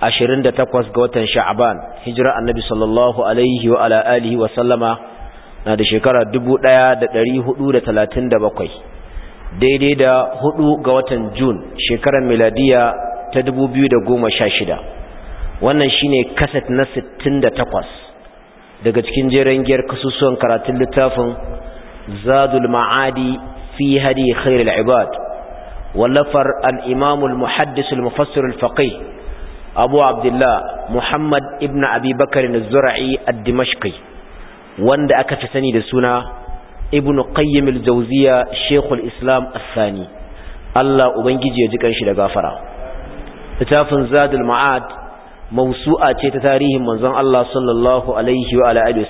ashirin da takwas ga watan sha'aban hijira annabi sallallahu alaihi wa ala alihi wa sallama na da shekara dubu ɗaya da ɗari hudu da talatin da bakwai daidai da huɗu ga watan jun shekarar miladiya ta dubu biyu da goma sha shida wannan shine kaset na sittin da takwas daga cikin jeren giyar kasusuwan karatun littafin zadul ma'adi fi hadi khairul ibad wallafar al-imamul muhaddis al-mufassir al-faqih abu abdullah muhammad ibn abi bakar zura'i a dimashqi wanda aka fi sani da suna ibn qayyim al-jawziya shaykhul islam as-sani Allah ubangiji ya ji kanshi da gafara littafin zadul ma'ad mawsu'a ce ta tarihin manzon Allah sallallahu alaihi wa alihi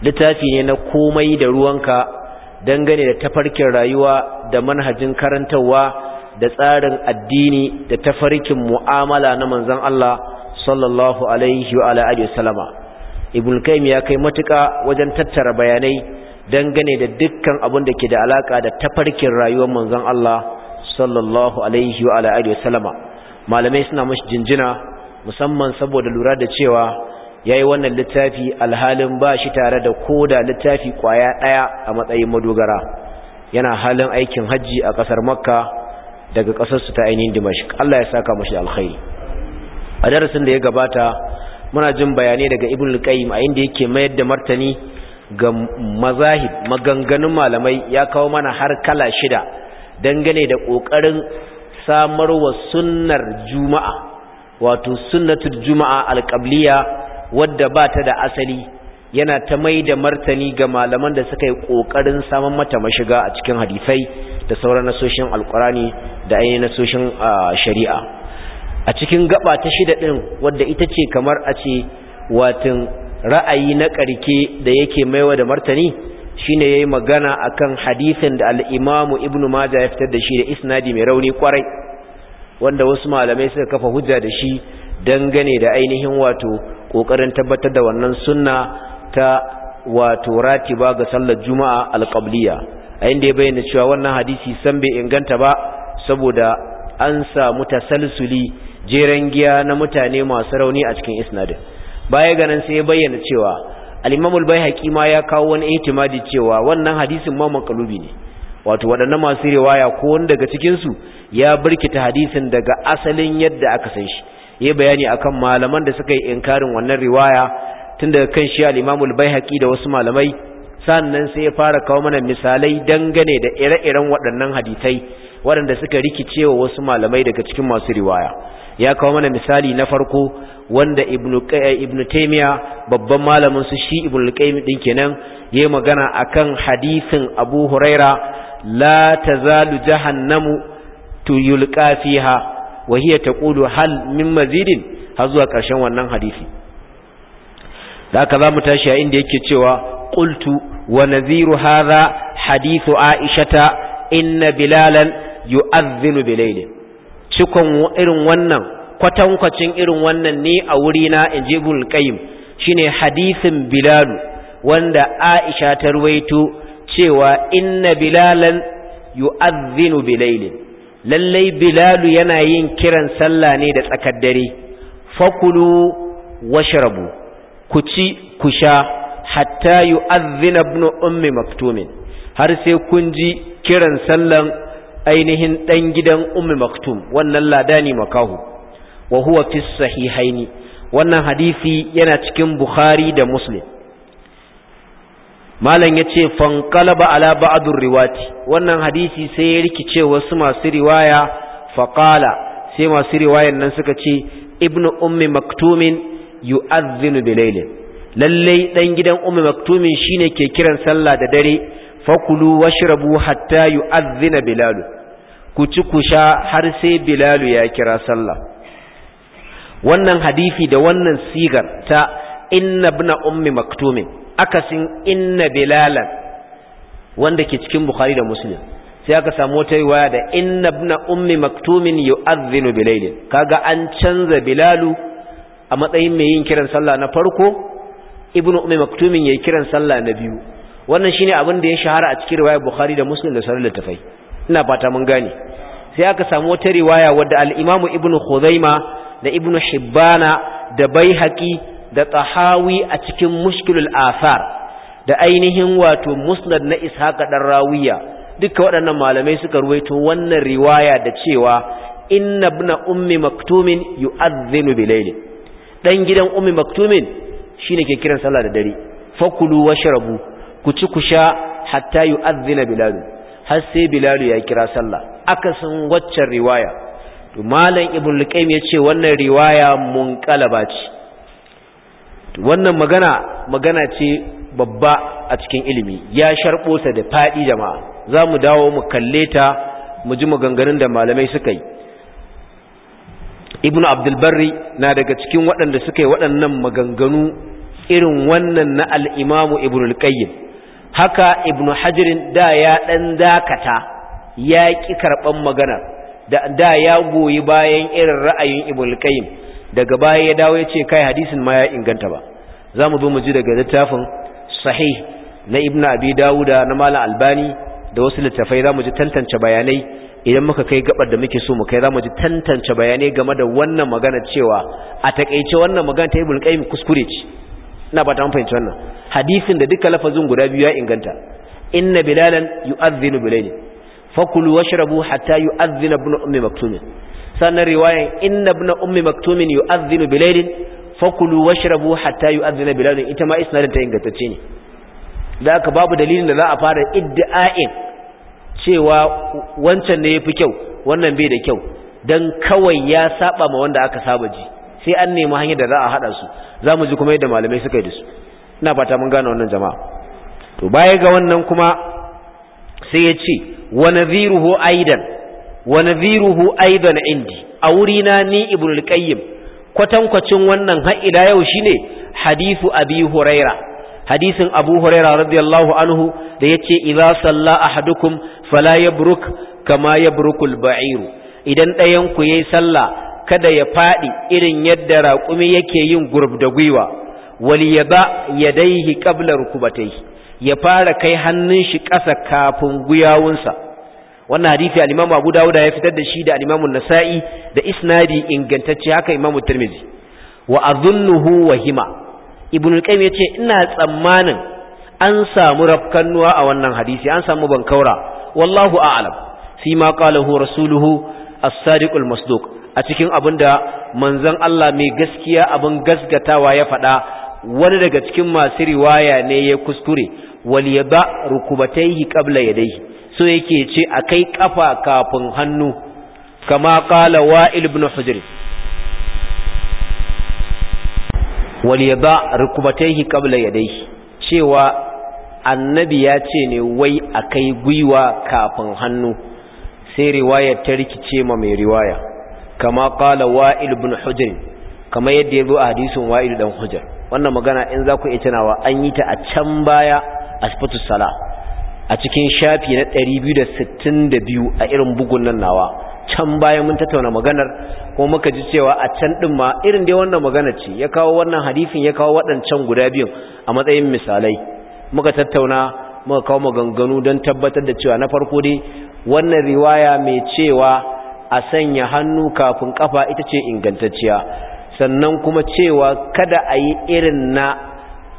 littafi ne na komai da ruwanka dangane da tafarkin rayuwa da manhajin karantawa da tsarin addini da tafarkin mu'amala na manzon Allah sallallahu alaihi wa alihi salama ibn qayyim ya kai matuƙa wajen tattara bayanai dangane da dukkan abin da ke da alaka da tafarkin rayuwar manzon Allah sallallahu alaihi wa alihi salama malamai suna mashi jinjina musamman saboda lura da cewa yayi wannan littafi alhalin ba shi tare da koda littafi kwaya ɗaya a matsayin madogara yana halin aikin hajji a ƙasar makka daga ƙasarsu ta ainihin dimashik Allah ya saka mashi alkhairi a darasin da ya gabata muna jin bayanai daga ibn al-qayyim a inda yake mayar da martani ga mazahib maganganun malamai ya kawo mana har kala shida dangane da ƙoƙarin samarwa sunnar juma'a wato sunnatul juma'a alƙabliya wadda ba ta da asali yana ta mai da martani ga malaman da suka yi ƙoƙarin samun mata mashiga a cikin hadisai da sauran nasoshin alkurani da ainihin nasoshin shari'a a cikin gaba ta shida ɗin wadda ita ce kamar a ce watan ra'ayi na ƙarke da yake maiwa da martani shine yayi magana a kan hadisin da al-Imam Ibn Majah ya fitar da shi da isnadi mai rauni kwarai wanda wasu malamai suka kafa hujja da shi dangane da ainihin wato ƙoƙarin tabbatar da wannan sunna ta wato Rati ba ga sallar juma'a alqabliya a inda ya bayyana cewa wannan hadisi san bai inganta ba saboda an samu tasalsuli jeren giya na mutane masu rauni a cikin isnadin baya ganin sai ya bayyana cewa al-imamul baihaqi ma ya kawo wani itimadi cewa wannan hadisin ma makalubi ne wato waɗannan masu riwaya ko wani daga cikinsu ya birkita hadisin daga asalin yadda aka san shi ya bayani akan malaman da suka yi inkarin wannan riwaya tun daga kan shi al-Imam al da wasu malamai sannan sai ya fara kawo mana misalai dangane da ire-iren waɗannan hadisai waɗanda suka rikice wa wasu malamai daga cikin masu riwaya ya kawo mana misali na farko wanda Ibn eh, taimiya babban malamin su shi Ibn qayyim din kenan yi magana akan hadisin abu huraira la tazalu jahannamu tuyulqa fiha wa hiya taqulu hal min mazidin har zuwa ƙarshen wannan hadisi da haka za mu tashi a inda yake cewa qultu wa nadhiru hadha hadithu aishata inna bilalan yu'adhdhinu bilailin cikon irin wannan kwatankwacin irin wannan ne a wurina inji ibn qayyim shine hadisin bilalu wanda aisha ta ruwaito cewa inna bilalan yu'adhdhinu bilailin lallai bilalu yana yin kiran sallah ne da tsakar dare fakulu washrabu ku ci ku sha hatta yu'adhdhina ibn ummi maktumin har sai kun ji kiran sallan ainihin ɗan gidan ummi maktum wannan ladani makahu wa huwa fi sahihaini wannan hadisi yana cikin bukhari da muslim malam ya ce fankalaba ala ba'adur riwati wannan hadisi sai ya rikice wasu masu riwaya faƙala sai masu riwayan nan suka ce ibnu ummi maktumin yu'adhdhinu bilailin lallai dan gidan ummu maktumin shine ke kiran sallah da dare fakulu washrabu hatta yu'adhdhina bilalu ku ci ku sha har sai bilalu ya kira sallah wannan hadisi da wannan sigar ta inna ibn ummi maktumin akasin inna bilalan wanda ke cikin bukhari da muslim sai aka samu wata riwaya da inna ibn ummi maktumin yu'adhdhinu bilailin kaga an canza bilalu a matsayin mai yin kiran sallah na farko ibnu ummi maktumin yayi kiran sallah na biyu wannan shine abin da ya shahara a cikin riwayar bukhari da muslim da sauran littafai ina fata mun gane sai aka samu wata riwaya wadda al-imamu ibnu khuzaima da ibnu hibbana da baihaqi da tahawi a cikin mushkilul athar da ainihin wato musnad na ishaqa dan rawiya duka waɗannan malamai suka ruwaito wannan riwaya da cewa inna ibn ummi maktumin yu'adhdhinu bilailin dan gidan ummi maktumin shine ke kiran sallah da dare fakulu washrabu ku ci ku sha hatta yu'adhdhina bilal har sai bilal ya kira sallah aka san waccan riwaya to malam ibn luqaym ce wannan riwaya munqalaba ce to wannan magana magana ce babba a cikin ilimi ya sharbo ta da fadi jama'a zamu dawo mu kalle ta mu ji maganganun da malamai suka yi ibnu abdulbarri na daga cikin waɗanda suka yi waɗannan maganganu irin wannan na al'imamu ibn al-qayyim haka ibnu hajirin da ya ɗan dakata ya ƙi karɓan magana da da ya goyi bayan irin ra'ayin ibn al-qayyim daga baya ya dawo ya ce kai hadisin ma ya inganta ba za mu zo mu ji daga littafin sahih na Ibnu abi dawuda na malam albani da wasu littafai za mu ji tantance bayanai idan muka kai gabar da muke so mu kai zamu ji tantance bayanai game da wannan magana cewa a takeice wannan magana ta ibn qayyim kuskure ce ina ba ta mun fahimci wannan hadisin da duka lafazin guda biyu ya inganta inna bilalan yu'adhdhinu bilayl fakulu washrabu hatta yu'adhdhina ibn ummi maktum sannan riwayan inna ibn ummi maktum yu'adhdhinu bilayl fakulu washrabu hatta yu'adhdhina bilayl ita ma isnadin ta ingantacce ne da aka babu dalilin da za a fara idda'in cewa wancan ne yafi kyau wannan bai da kyau dan kawai ya saba ma wanda aka saba ji sai an nemi hanyar da za a hada su za mu ji kuma yadda malamai suka yi da su ina fata mun gane wannan jama'a to baya ga wannan kuma sai ya ce wa nadhiruhu aidan wa nadhiruhu aidan indi a wuri na ni ibnul qayyim kwatankwacin wannan har ila yau shine hadithu abi huraira hadisin abu huraira radiyallahu anhu da yace idza salla ahadukum fala ya yabruk kama yabrukul ba'iru idan ɗayanku ku yayi sallah kada ya faɗi irin yadda raƙumi yake yin gurb da gwiwa wal yaba yadayhi qabla rukubatayhi ya fara kai hannun shi ƙasa kafin guyawunsa wannan hadisi al-Imam Abu Dawud ya fitar da shi da al-Imam An-Nasa'i da isnadi ingantacce haka Imam Tirmidhi wa adhunnuhu wahima Ibn al-Qayyim yace ina tsammanin an samu rafkannuwa a wannan hadisi an samu bankaura wallahu a'lam fi ma qalahu rasuluhu as al masduq a cikin abinda manzon Allah mai gaskiya abin gasgatawa ya faɗa wani daga cikin masu riwaya ne ya kuskure wal yaba rukubatayhi qabla yadayhi so yake ce akai kafa kafin hannu kama qala wa'il ibn hujr wal yaba rukubatayhi qabla yadayhi cewa annabi ya ce ne wai a kai gwiwa kafin hannu sai riwaya ta rikice ma mai riwaya kama kala wa'il bin hujjar kama yadda ya zo a hadisun wa'il dan hujjar wannan magana in za ku iya tunawa an yi ta a can baya a sifatu sala a cikin shafi na 262 a irin bugun nan nawa can baya mun tattauna maganar kuma muka ji cewa a can din ma irin dai wannan magana ce ya kawo wannan hadisin ya kawo waɗancan guda biyun a matsayin misalai muka tattauna muka kawo maganganu don tabbatar da cewa na farko dai wannan riwaya mai cewa a sanya hannu kafin kafa ita ce ingantacciya sannan kuma cewa kada a yi irin na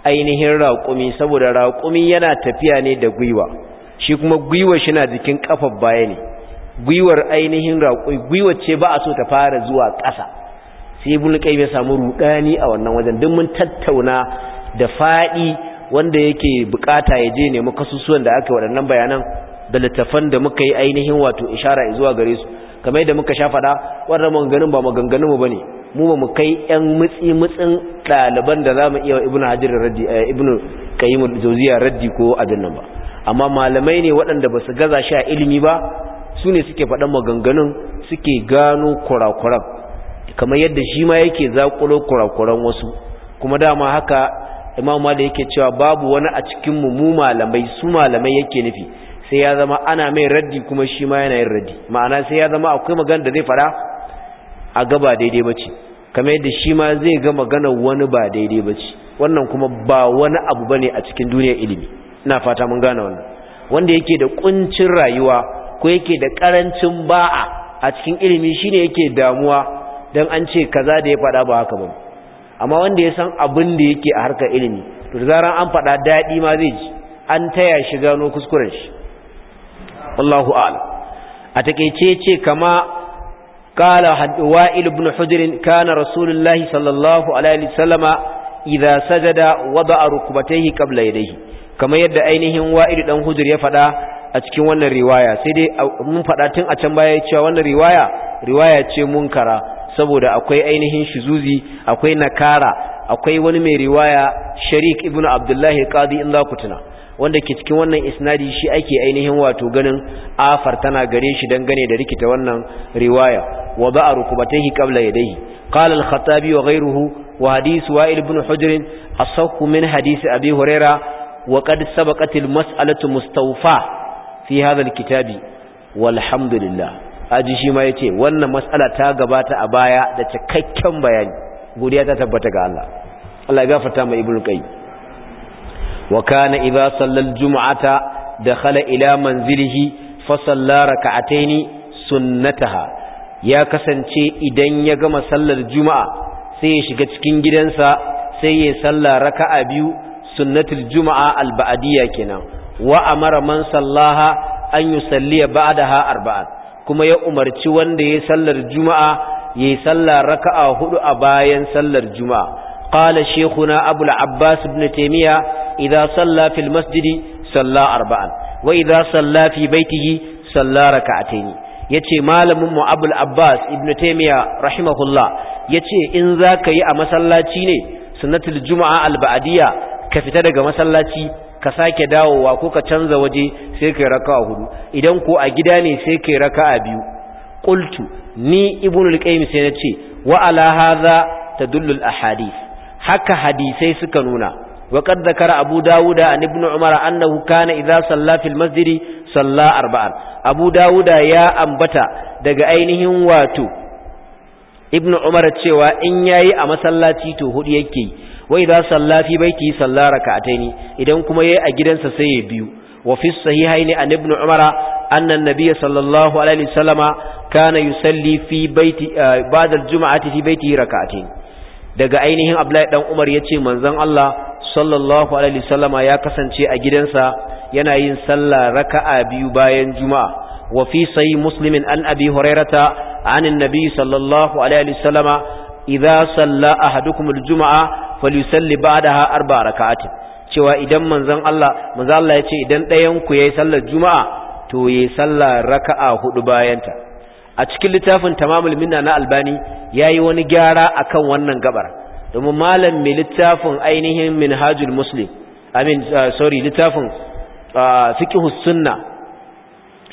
ainihin raƙumi saboda raƙumi yana tafiya ne da gwiwa shi kuma gwiwa shi na jikin kafar baya ne gwiwar ainihin raƙumi gwiwa ce ba a so ta fara zuwa ƙasa sai bulƙai ya samu ruɗani a wannan wajen don mun tattauna da faɗi wanda yake bukata ya je nemi kasusuwan da aka waɗannan bayanan da littafan da muka yi ainihin wato ishara zuwa gare su kamar yadda muka sha faɗa wannan maganganun ba maganganunmu mu bane mu ba mu kai yan mutsi mutsin ɗaliban da za mu iya ibnu hajar raddi eh, ibnu qayyim jawziya raddi ko abin nan ba amma malamai ne waɗanda ba su gaza shi a ilimi ba su ne suke faɗan maganganun suke gano kurakuran kamar yadda shi ma yake zaƙulo kurakuran wasu kuma dama haka imam malik yake cewa babu wani a cikin mu mu malamai su malamai yake nufi sai ya zama ana mai raddi kuma shi ma yana yin raddi ma'ana sai ya zama akwai magana da zai fara a gaba daidai bace kamar yadda shi ma zai ga magana wani ba daidai bace wannan kuma ba wani abu bane a cikin duniyar ilimi ina fata mun gane wannan wanda yake da kuncin rayuwa ko yake da karancin ba'a a cikin ilimi shine yake damuwa dan an ce kaza da ya faɗa ba haka ba amma wanda ya san abin da yake a harkar ilimi to da zaran an fada daɗi ma zai ji an taya shi gano kuskuren shi wallahu a'lam a takeice ce kama qala wa'il ibn hudr kana rasulullahi sallallahu alaihi wasallama idza sajada wada'a rukbatayhi qabla yadayhi kama yadda ainihin wa'il dan hudr ya faɗa a cikin wannan riwaya sai dai mun faɗa tun a can baya cewa wannan riwaya riwaya ce munkara saboda akwai ainihin shizuzi akwai nakara akwai wani mai riwaya sharik ibn abdullahi qadi in za ku tuna wanda ke cikin wannan isnadi shi ake ainihin wato ganin afar tana gare shi dangane da rikita wannan riwaya wa ba'a rukubatayhi qabla yadayhi qala al-khatabi wa ghayruhu wa hadith wa'il ibn hujr asahhu min hadith abi huraira wa qad sabaqat al-mas'alatu mustawfa fi hadha al-kitabi walhamdulillah haji shi ma ce wannan matsala ta gabata a baya da cikakken bayani godiya ta tabbata ga Allah Allah ya gafarta mai ibnu qayyim wa kana idha sallal jum'ata dakhala ila manzilihi fa salla rak'ataini sunnataha ya kasance idan ya gama sallar juma'a sai ya shiga cikin gidansa sai ya salla raka'a biyu sunnatul juma'a al kenan wa amara man sallaha an yusalliya ba'daha arba'at kuma ya umarci wanda ya sallar juma'a ya sallar raka'a hudu a bayan sallar juma'a qala shekuna abul abbas ibn taimiya idan salla fil masjid salla arba'an wa sallafi salla fi baitihi salla raka'atayn yace malamin mu abul abbas ibn taymiya rahimahullah yace in zaka yi a masallaci ne sanatil juma'a al ka fita daga masallaci ka sake dawowa ko ka canza waje sai kai raka'a hudu idan ko a gida ne sai kai raka'a biyu qultu ni ibnul qayyim sai na ce wa ala hadha tadullu al ahadith haka hadisai suka nuna wa qad zakara abu dawuda an ibnu umara annahu kana idza salla fil masjidi salla arba'an abu dawuda ya ambata daga ainihin wato ibnu umar cewa in yayi a masallaci to hudu yake yi Wai za salla fi baiti salla rak'ataini idan kuma yayi a gidansa sai ya biyu wa fi sahihaini an ibn umara anna sallallahu alaihi wasallama kana yusalli fi baiti ah, ba'da al fi baiti daga ainihin abdullahi dan umar yace manzon Allah sallallahu alaihi wasallama ya kasance a gidansa yana yin sallah raka'a biyu bayan juma'a وفي صحيح annabi عن أبي هريرة عن النبي صلى الله عليه وسلم إذا صلى أحدكم الجمعة falyusalli ba'daha arba rak'atin cewa idan manzon Allah manzon Allah ce idan ɗayan ku yayi sallar juma'a to yayi sallar raka'a hudu bayanta a cikin littafin tamamul minna na albani yayi wani gyara akan wannan gabar domin malam mai littafin ainihin minhajul muslim amin uh, sorry littafin uh, fiqhus sunna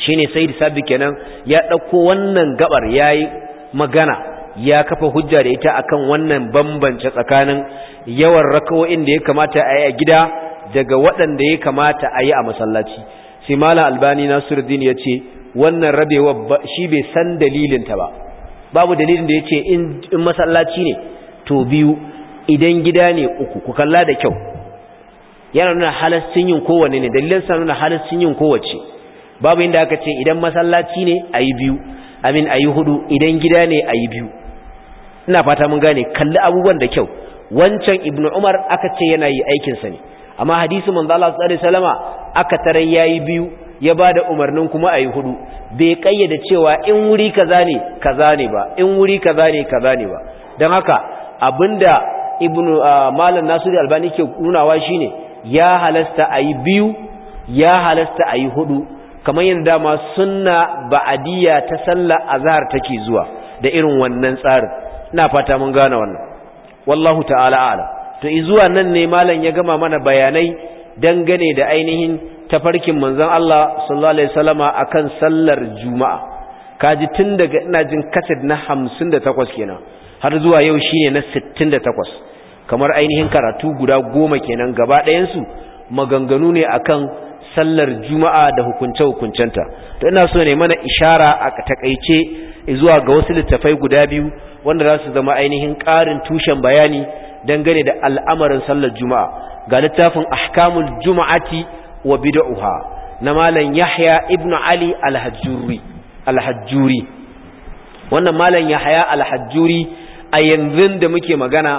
shine sayyid sabbi kenan ya dauko wannan gabar yayi magana ya kafa hujja da ita akan wannan bambance tsakanin yawan raka'o'in da ya kamata a yi a gida daga waɗanda ya kamata a yi a masallaci sai malam albani nasiruddin ya ce wannan rabewa shi bai san dalilinta ba babu dalilin da ya ce in masallaci ne to biyu idan gida ne uku ku kalla da kyau yana nuna halascin yin kowanne ne dalilin sa nuna yin kowace babu inda aka ce idan masallaci ne ayi biyu amin ayi hudu idan gida ne ayi biyu ina fata mun gane kalli abubuwan da kyau wancan ibnu umar aka ce yana yi aikinsa ne amma hadisi manzo Allah sallallahu alaihi wasallama aka tarai yayi biyu ya bada umarnin kuma ayi hudu bai kayyade cewa in wuri kaza ne kaza ne ba in wuri kaza ne kaza ne ba dan haka abinda ibnu malam nasiri albani ke nunawa shine ya halasta ayi biyu ya halasta ayi hudu kamar yadda dama sunna ba'adiyya ta sallar azhar take zuwa da irin wannan tsarin ina fata mun gane wannan wallahu ta'ala ala to zuwa nan ne malam ya gama mana bayanai dangane da ainihin tafarkin manzon Allah sallallahu alaihi wasallama akan sallar juma'a kaji tun daga ina jin kasid na 58 kenan har zuwa yau shine na 68 kamar ainihin karatu guda goma kenan gaba ɗayan su maganganu ne akan sallar juma'a da hukunce-hukuncenta to ina so ne mana ishara a takaice zuwa ga wasu littafai guda biyu wanda za su zama ainihin ƙarin tushen bayani dangane da al'amarin sallar juma'a ga littafin ahkamul juma'ati wa bid'uha na malam yahya ibn ali al-hajjuri al-hajjuri wannan malam yahya al-hajjuri a yanzu da muke magana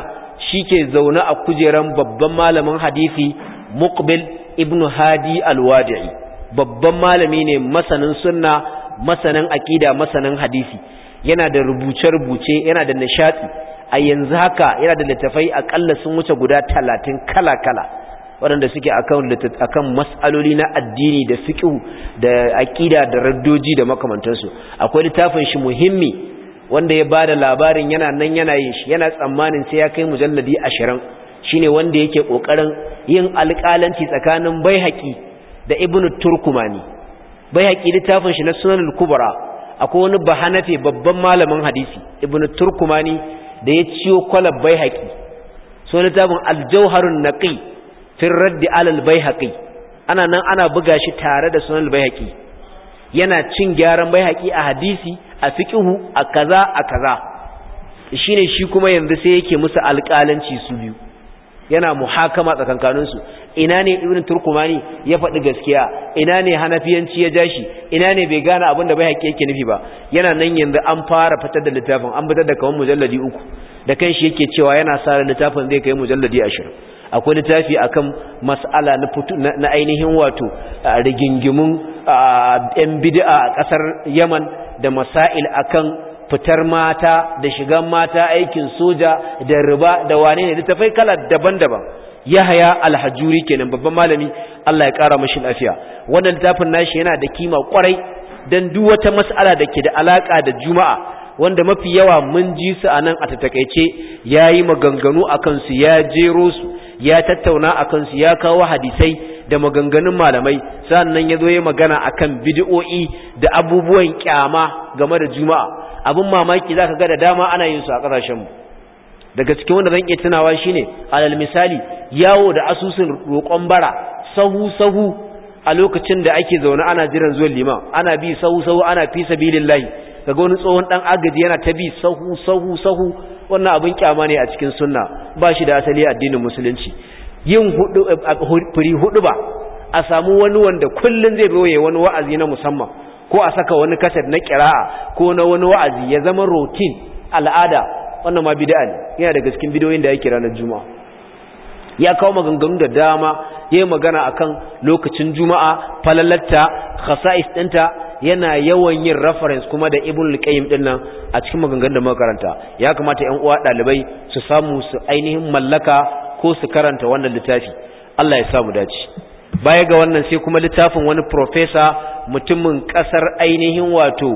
shike zaune a kujeran babban malamin hadisi muqbil ibn hadi al-wadi'i babban malami ne masanin sunna masanin aqida masanin hadisi yana da rubuce-rubuce yana da nishaɗi a yanzu haka yana da littafai akalla sun wuce guda talatin kala-kala waɗanda suke akan mas'aloli na addini da fiƙihu da aƙida da raddoji da makamantansu akwai littafin shi muhimmi wanda ya ba da labarin yana nan yana yin shi yana tsammanin sai ya kai mujalladi ashirin shine wanda yake ƙoƙarin yin alƙalanci tsakanin bai da ibnu turkumani bai haƙi littafin shi na sunan kubra akwai wani bahanafe babban malamin hadisi ibn turkumani da ya ciyo kwalab haƙi so na tabin aljauharun ƙi fi raddi alal haƙi ana nan ana buga shi tare da sunan haƙi yana cin gyaran haƙi a hadisi a fiqhu a kaza a kaza ne shi kuma yanzu sai yake musu alƙalanci su biyu yana muhakama tsakankaninsu ina ne ibn turkumani ya faɗi gaskiya ina ne hanafiyanci ya jashi ina ne bai gane abin da bai haƙƙi yake nufi ba yana nan yanzu an fara fitar da littafin an fitar da kamar mujalladi uku da shi yake cewa yana sa littafin zai kai mujalladi ashirin akwai littafi akan mas'ala na ainihin wato rigingimun yan bid'a a ƙasar yaman da masail akan fitar mata da shigan mata aikin soja da riba da wane ne littafai kala daban-daban yahaya alhajuri kenan babban malami Allah ya kara mashi lafiya wannan littafin nashi yana da kima kwarai dan duk wata mas'ala da ke da alaka da juma'a wanda mafi yawa mun ji su anan a takaice yayi maganganu akan su ya jero su ya tattauna akan su ya kawo hadisai da maganganun malamai sannan ya zo ya magana akan bid'o'i da abubuwan kyama game da juma'a abin mamaki zaka ga da dama ana yin su a kasashen mu daga cikin wanda zan iya tunawa shine alal misali yawo da asusun roƙon bara sahu sahu a lokacin da ake zaune ana jiran zuwan liman ana bi sahu sahu ana fi sabilillahi kaga wani tsohon dan agaji yana ta bi sahu sahu sahu wannan abin kyama ne a cikin sunna ba shi da asali addinin musulunci yin furi hudu ba a samu wani wanda kullum zai roye wani wa'azi na musamman ko a saka wani kasar na kira'a ko na wani wa'azi ya zama routine al'ada wannan ma bid'a ne yana daga cikin bidoyin da yake ranar juma'a ya kawo maganganu da dama yayi magana akan lokacin juma'a falalatta khasa'is dinta yana yawan yin reference kuma da ibn al-qayyim dinnan a cikin maganganun da muka karanta ya kamata ƴan uwa dalibai su samu su ainihin mallaka ko su karanta wannan littafi Allah ya samu dace baya ga wannan sai kuma littafin wani professor mutumin kasar ainihin wato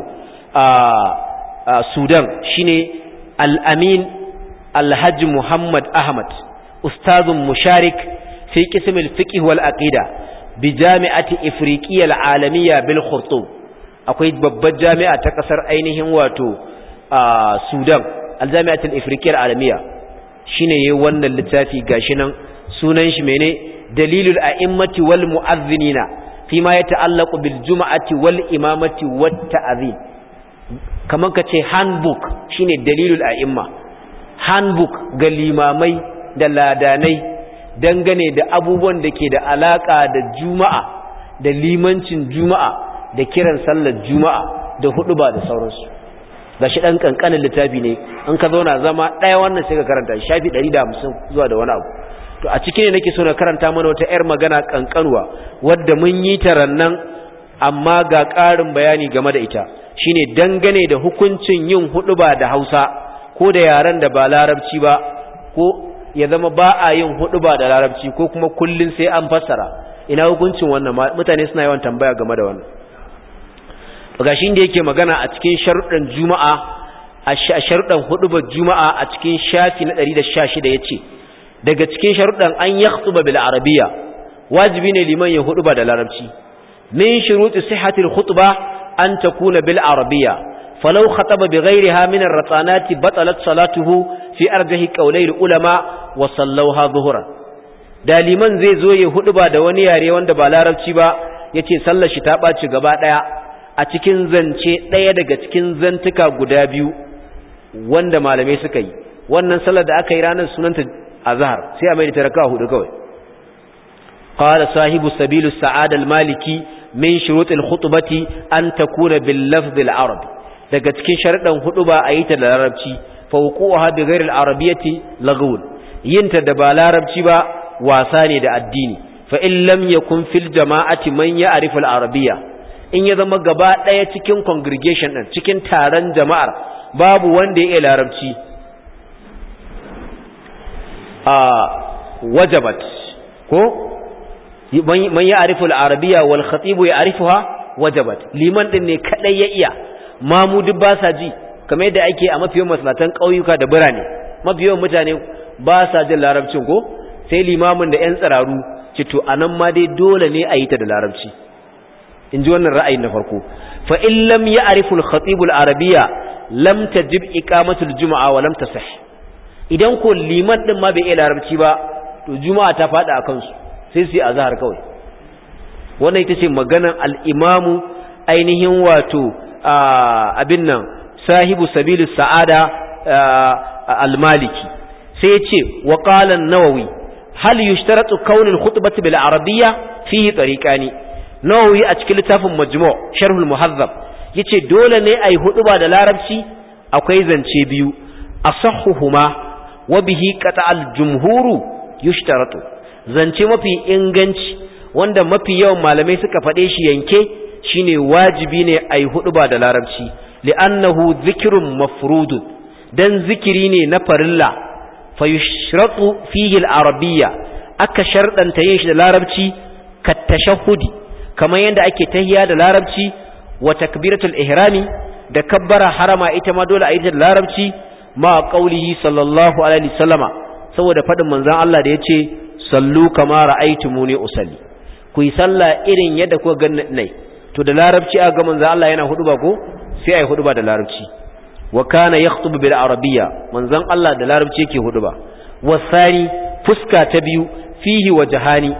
a Sudan shine al'amin alhaji muhammad ahmad ustazun musharik fi kismil fiqh wal aqida bi jami'ati ifriqiyya al'alamiyya a'lamiya khurtum akwai babbar jami'a ta ƙasar ainihin wato a sudan aljami'atul ifriqiyya a'lamiya shine wannan littafi shi nan sunan shi mene dalilul a'immati wal mu'azzinina ya yata'allaqu bil jum'ati wal imamati wat ta'zim kamar ka ce handbook shine dalilul a'imma handbook ga limamai da ladanai dangane da abubuwan da ke da alaka da juma'a da limancin juma'a da kiran sallar juma'a da huduba da sauransu Ga shi dan kankanin littafi ne in ka zauna zama ɗaya wannan sai ka karanta shafi 150 zuwa da wani abu to a cikin ne nake so na karanta mana wata yar magana ƙanƙanwa wadda mun yi tarannan amma ga ƙarin bayani game da ita shine dangane da hukuncin yin huduba da Hausa ko da yaren da ba larabci ba ko ya zama ba a yin huduba da larabci ko kuma kullun sai an fassara ina hukuncin wannan mutane suna yawan tambaya game da wannan gashi inda yake magana a cikin sharuɗan juma'a a sharuɗan hudubar juma'a a cikin shafi na 116 yace daga cikin sharuɗan an yakhtuba bil arabiyya wajibi ne liman ya huduba da larabci min shuruti sihhatil khutbah an takuna bil arabiya falau khataba bi ghayriha min ar-ratanati batalat salatuhu fi arjahi qawlai ulama wa sallawha dhuhran daliman zai zo ya huduba da wani yare wanda ba larabci ba yace sallar shi ta baci gaba daya a cikin zance daya daga cikin zantuka guda biyu wanda malamai suka yi wannan sallar da aka yi ranar sunanta azhar sai a mai da taraka hudu kawai qala sahibu sabilu sa'ad al-maliki min shurutul khutbati an takuna bil lafzil arabi daga cikin huɗu ba a yi ta da larabci fa a bi ghairi al arabiyyati laghwun yin ta da ba larabci ba wasa ne da addini fa in ya kun fil jama'ati man a al arabiyya in ya zama gaba ɗaya cikin congregation ɗin, cikin taron jama'ar babu wanda ya larabci a ah, wajabat ko man ya'rifu al-arabiyya wal khatibu ha wajabat liman ɗin ne kaɗai ya iya mamu duk ba sa ji kamar yadda ake a mafiyan masalatan ƙauyuka da birane mafiyan mutane ba sa jin larabcin ko sai limamin da 'yan tsiraru cito a nan ma dai dole ne a yi ta da larabci in ji wannan ra'ayin na farko fa in lam ya ariful khatibul arabiya lam ta jib iqamatul juma'a wa lam tasah idan ko liman ɗin ma bai iya larabci ba to juma'a ta faɗi a kansu sai su yi azhar kawai wannan ita ce maganan al-imamu ainihin wato abin nan sahibu sabilu sa'ada al-maliki sai ya ce waƙalan nawawi hal yushtaratu kawn al-khutbah bil arabiyya fihi tariqani nawawi a cikin littafin majmu' sharhul al-muhazzab yace dole ne yi huɗuba da larabci akwai zance biyu asahhuhuma wa bihi qata al-jumhuru yushtaratu zance mafi inganci wanda mafi yawan malamai suka faɗe shi yanke shine wajibi ne a yi hudu ba da larabci li'annahu zikirun mafrudu dan zikiri ne na farilla fa yushratu fihi al-arabiyya aka sharɗanta yin shi da larabci ka tashahudi kamar yadda ake tahiya da larabci wa takbiratul ihrami da kabbara harama ita ma dole a yi da larabci ma qaulihi sallallahu alaihi wasallama saboda fadin manzon Allah da yace sallu kama ra'aytumuni usalli ku yi sallah irin yadda ku ga nai to da larabci a ga manzo Allah yana ba ko sai ai ba da larabci wa kana yakhtubu bil arabiyya manzon Allah da larabci yake ba. wasani fuska ta biyu fihi wajhani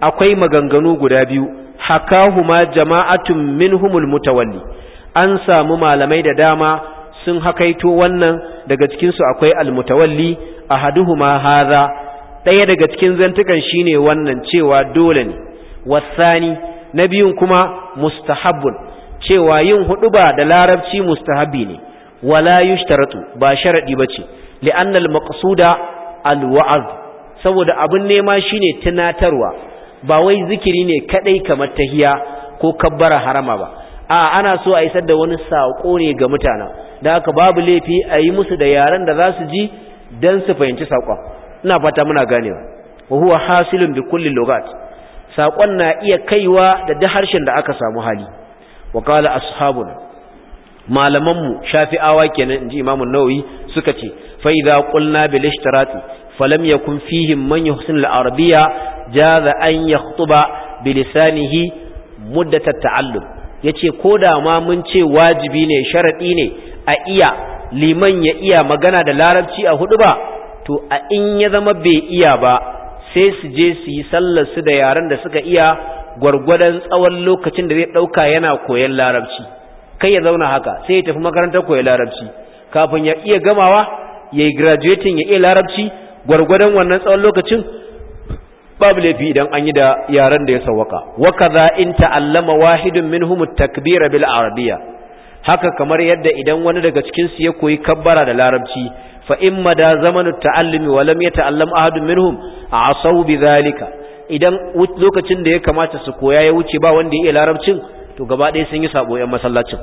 akwai maganganu guda biyu hakahuma jama'atun minhumul mutawalli an samu malamai da dama sun hakaito wannan daga cikinsu akwai almutawalli ahaduhuma hadha ɗaya daga cikin zantukan shine wannan cewa dole ne wasani na biyun kuma mustahabbun cewa yin huduba da larabci mustahabi ne wala yushtaratu ba sharadi bace li'anna al-maqsuda al-wa'z saboda abin nema shine tunatarwa ba wai zikiri ne kadai kamar tahiya ko kabbara harama ba a ana so a isar da wani sako ne ga mutanen, da haka babu laifi a yi musu da yaran da za su ji don su fahimci sakon ina fata muna ganewa wa huwa hasilun bi kulli lugat sakon na iya kaiwa da duk harshen da aka samu hali wa qala ashabuna malaman mu shafi'awa kenan inji imamu nawawi suka ce fa idza qulna bil ishtirati falam yakun fihim man yuhsin al arabiyya jaza an yakhutuba bi lisanihi muddat at ta'allum yace koda ma mun ce wajibi ne sharadi ne a iya liman ya iya magana da larabci a hudu ba to a in ya zama bai iya ba sai su je su yi sallar su da yaren da suka iya gwargwadon tsawon lokacin da zai ɗauka yana koyon larabci kai ya zauna haka sai ya tafi makarantar koyon larabci kafin ya iya gamawa ya yi graduating ya iya larabci gwargwadon wannan tsawon lokacin babu laifi idan an yi da yaren da ya sauwaka wa za in ta'allama wahidun minhum at-takbira bil arabiyya haka kamar yadda idan wani daga cikin su ya koyi kabbara da larabci fa in mada zamanu ta'allumi wa lam yata'allam ahadun minhum asaw bidhalika idan lokacin da ya kamata su koya ya wuce ba wanda ya iya larabcin to gaba ɗaya sun yi sabo yan masallacin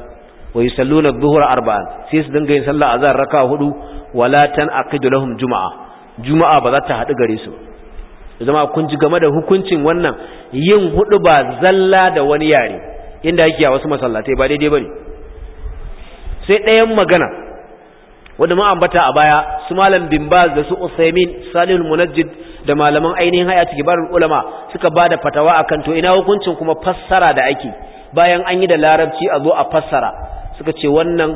wa yusalluna dhuhra arba'an sai su dinga yin sallah azhar raka hudu wala tan aqidu lahum juma'a juma'a ba za ta haɗu gare su zama kun ji game da hukuncin wannan yin hudu ba zalla da wani yare inda yake a wasu masallatai ba daidai bane sai ɗayan magana wanda ma ambata a baya su malam bin baz da su usaimin salihul munajjid da malaman ainihin hayat kibarul ulama suka bada fatawa akan to ina hukuncin kuma fassara da ake bayan an yi da larabci a zo a fassara suka ce wannan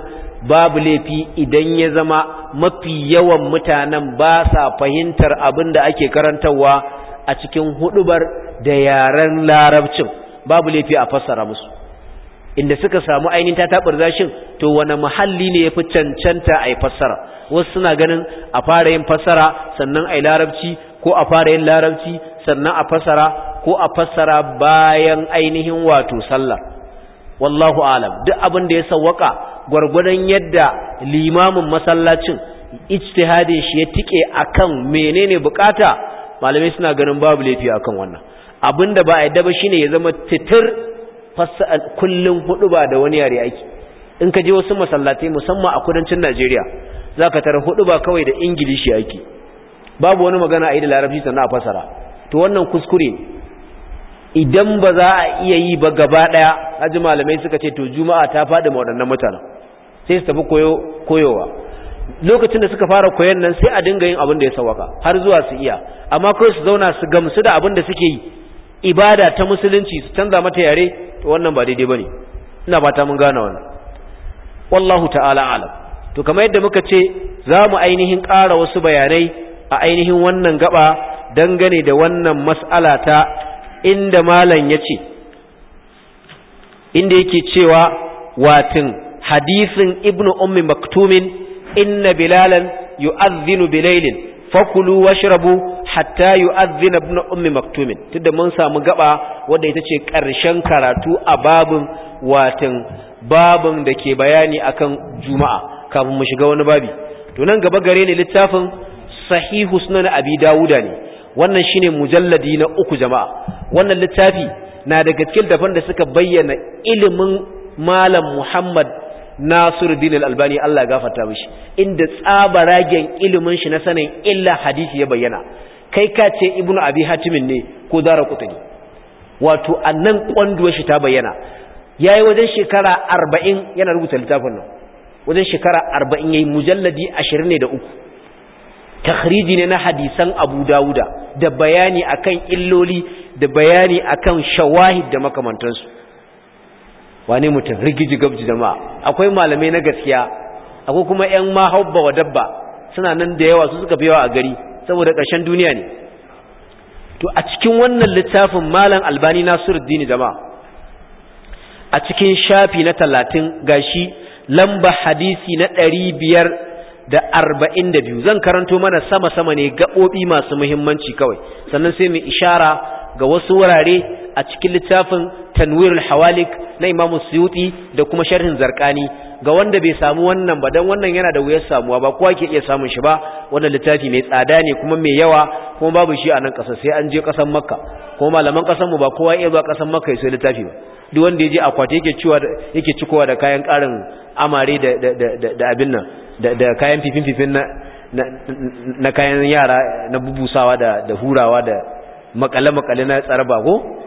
babu laifi idan ya zama mafi yawan mutanen ba sa fahimtar abin da ake karantarwa a cikin hudubar da yaren larabcin babu laifi a fassara musu inda suka samu ainihin ta taɓar zashin to wani muhalli ne ya fi cancanta a yi fassara wasu suna ganin a fara yin fassara sannan a yi larabci ko a fara yin larabci sannan a fassara ko a fassara bayan ainihin wato sallah wallahu alam duk abin da ya sawwaka gwargwadon yadda limamin masallacin ijtihadin shi ya tike akan menene bukata malamai suna ganin babu laifi akan wannan da ba a yadda ba shine ya zama titir kullum hudu ba da wani yare aiki in ka je wasu masallatai musamman a kudancin Najeriya zaka tara hudu ba kawai da ingilishi aiki babu wani magana a yi da larabci sannan a fasara to wannan kuskure idan ba za a iya yi ba gaba ɗaya, aji malamai suka ce to juma'a ta faɗi ma waɗannan mutanen sai su tafi koyowa lokacin da suka fara koyon nan sai a dinga yin abin da ya sawaka har zuwa su iya amma kawai su zauna su gamsu da abin da suke yi ibada ta musulunci su canza mata yare to wannan ba daidai bane ina fata mun gane wannan wallahu ta'ala alam to kamar yadda muka ce za mu ainihin ƙara wasu bayanai a ainihin wannan gaba dangane da wannan mas'ala ta inda malam ya ce inda yake cewa watin hadisin ibnu ummi maktumin inna bilalan yu'adhdhinu bilailin fakulu washrabu hatta yu'adhdhin ibn ummi maktum tunda mun samu gaba wanda ita ce karshen karatu a babun watan babun da ke bayani akan juma'a kafin mu shiga wani babi to nan gaba gare ne littafin sahihu sunan abi dawuda ne wannan shine mujalladi na uku jama'a wannan littafi na daga cikin dafan da suka bayyana ilimin malam muhammad nasiruddin al-albani Allah ya gafarta mishi inda tsabaragen ilimin shi na sanin illa hadisi ya bayyana kai ka ce ibnu abi hatimin ne ko dara kutani wato annan kwanduwar shi ta bayyana yayi wajen shekara 40 yana rubuta littafin nan wajen shekara 40 yayi mujalladi 23 takhriji ne na hadisan Abu Dawuda da bayani akan illoli da bayani akan shawahid da makamantansu wane mutum rigiji gabji jama'a akwai malamai na gaskiya akwai kuma 'yan mahaubba wa dabba suna nan da yawa su suka fi yawa a gari saboda ƙarshen duniya ne to a cikin wannan littafin malam albani nasiruddin jama'a a cikin shafi na talatin gashi lamba hadisi na ɗari biyar da arba'in da biyu zan karanto mana sama-sama ne gaɓoɓi masu muhimmanci kawai sannan sai mu ishara ga wasu wurare a cikin littafin tanwirul hawalik na imam suyuti da kuma sharhin zarkani ga wanda bai samu wannan ba don wannan yana da wuyar samuwa ba kowa ke iya samun shi ba wannan littafi mai tsada ne kuma mai yawa kuma babu shi a nan ƙasa sai an je ƙasar makka kuma malaman ƙasar mu ba kowa iya zuwa ƙasar makka ya sai littafi ba duk wanda ya je akwati yake ciwa yake cikowa da kayan ƙarin amare da da abin nan da kayan fifin fifin na na kayan yara na bubusawa da hurawa da makale-makale na tsaraba ko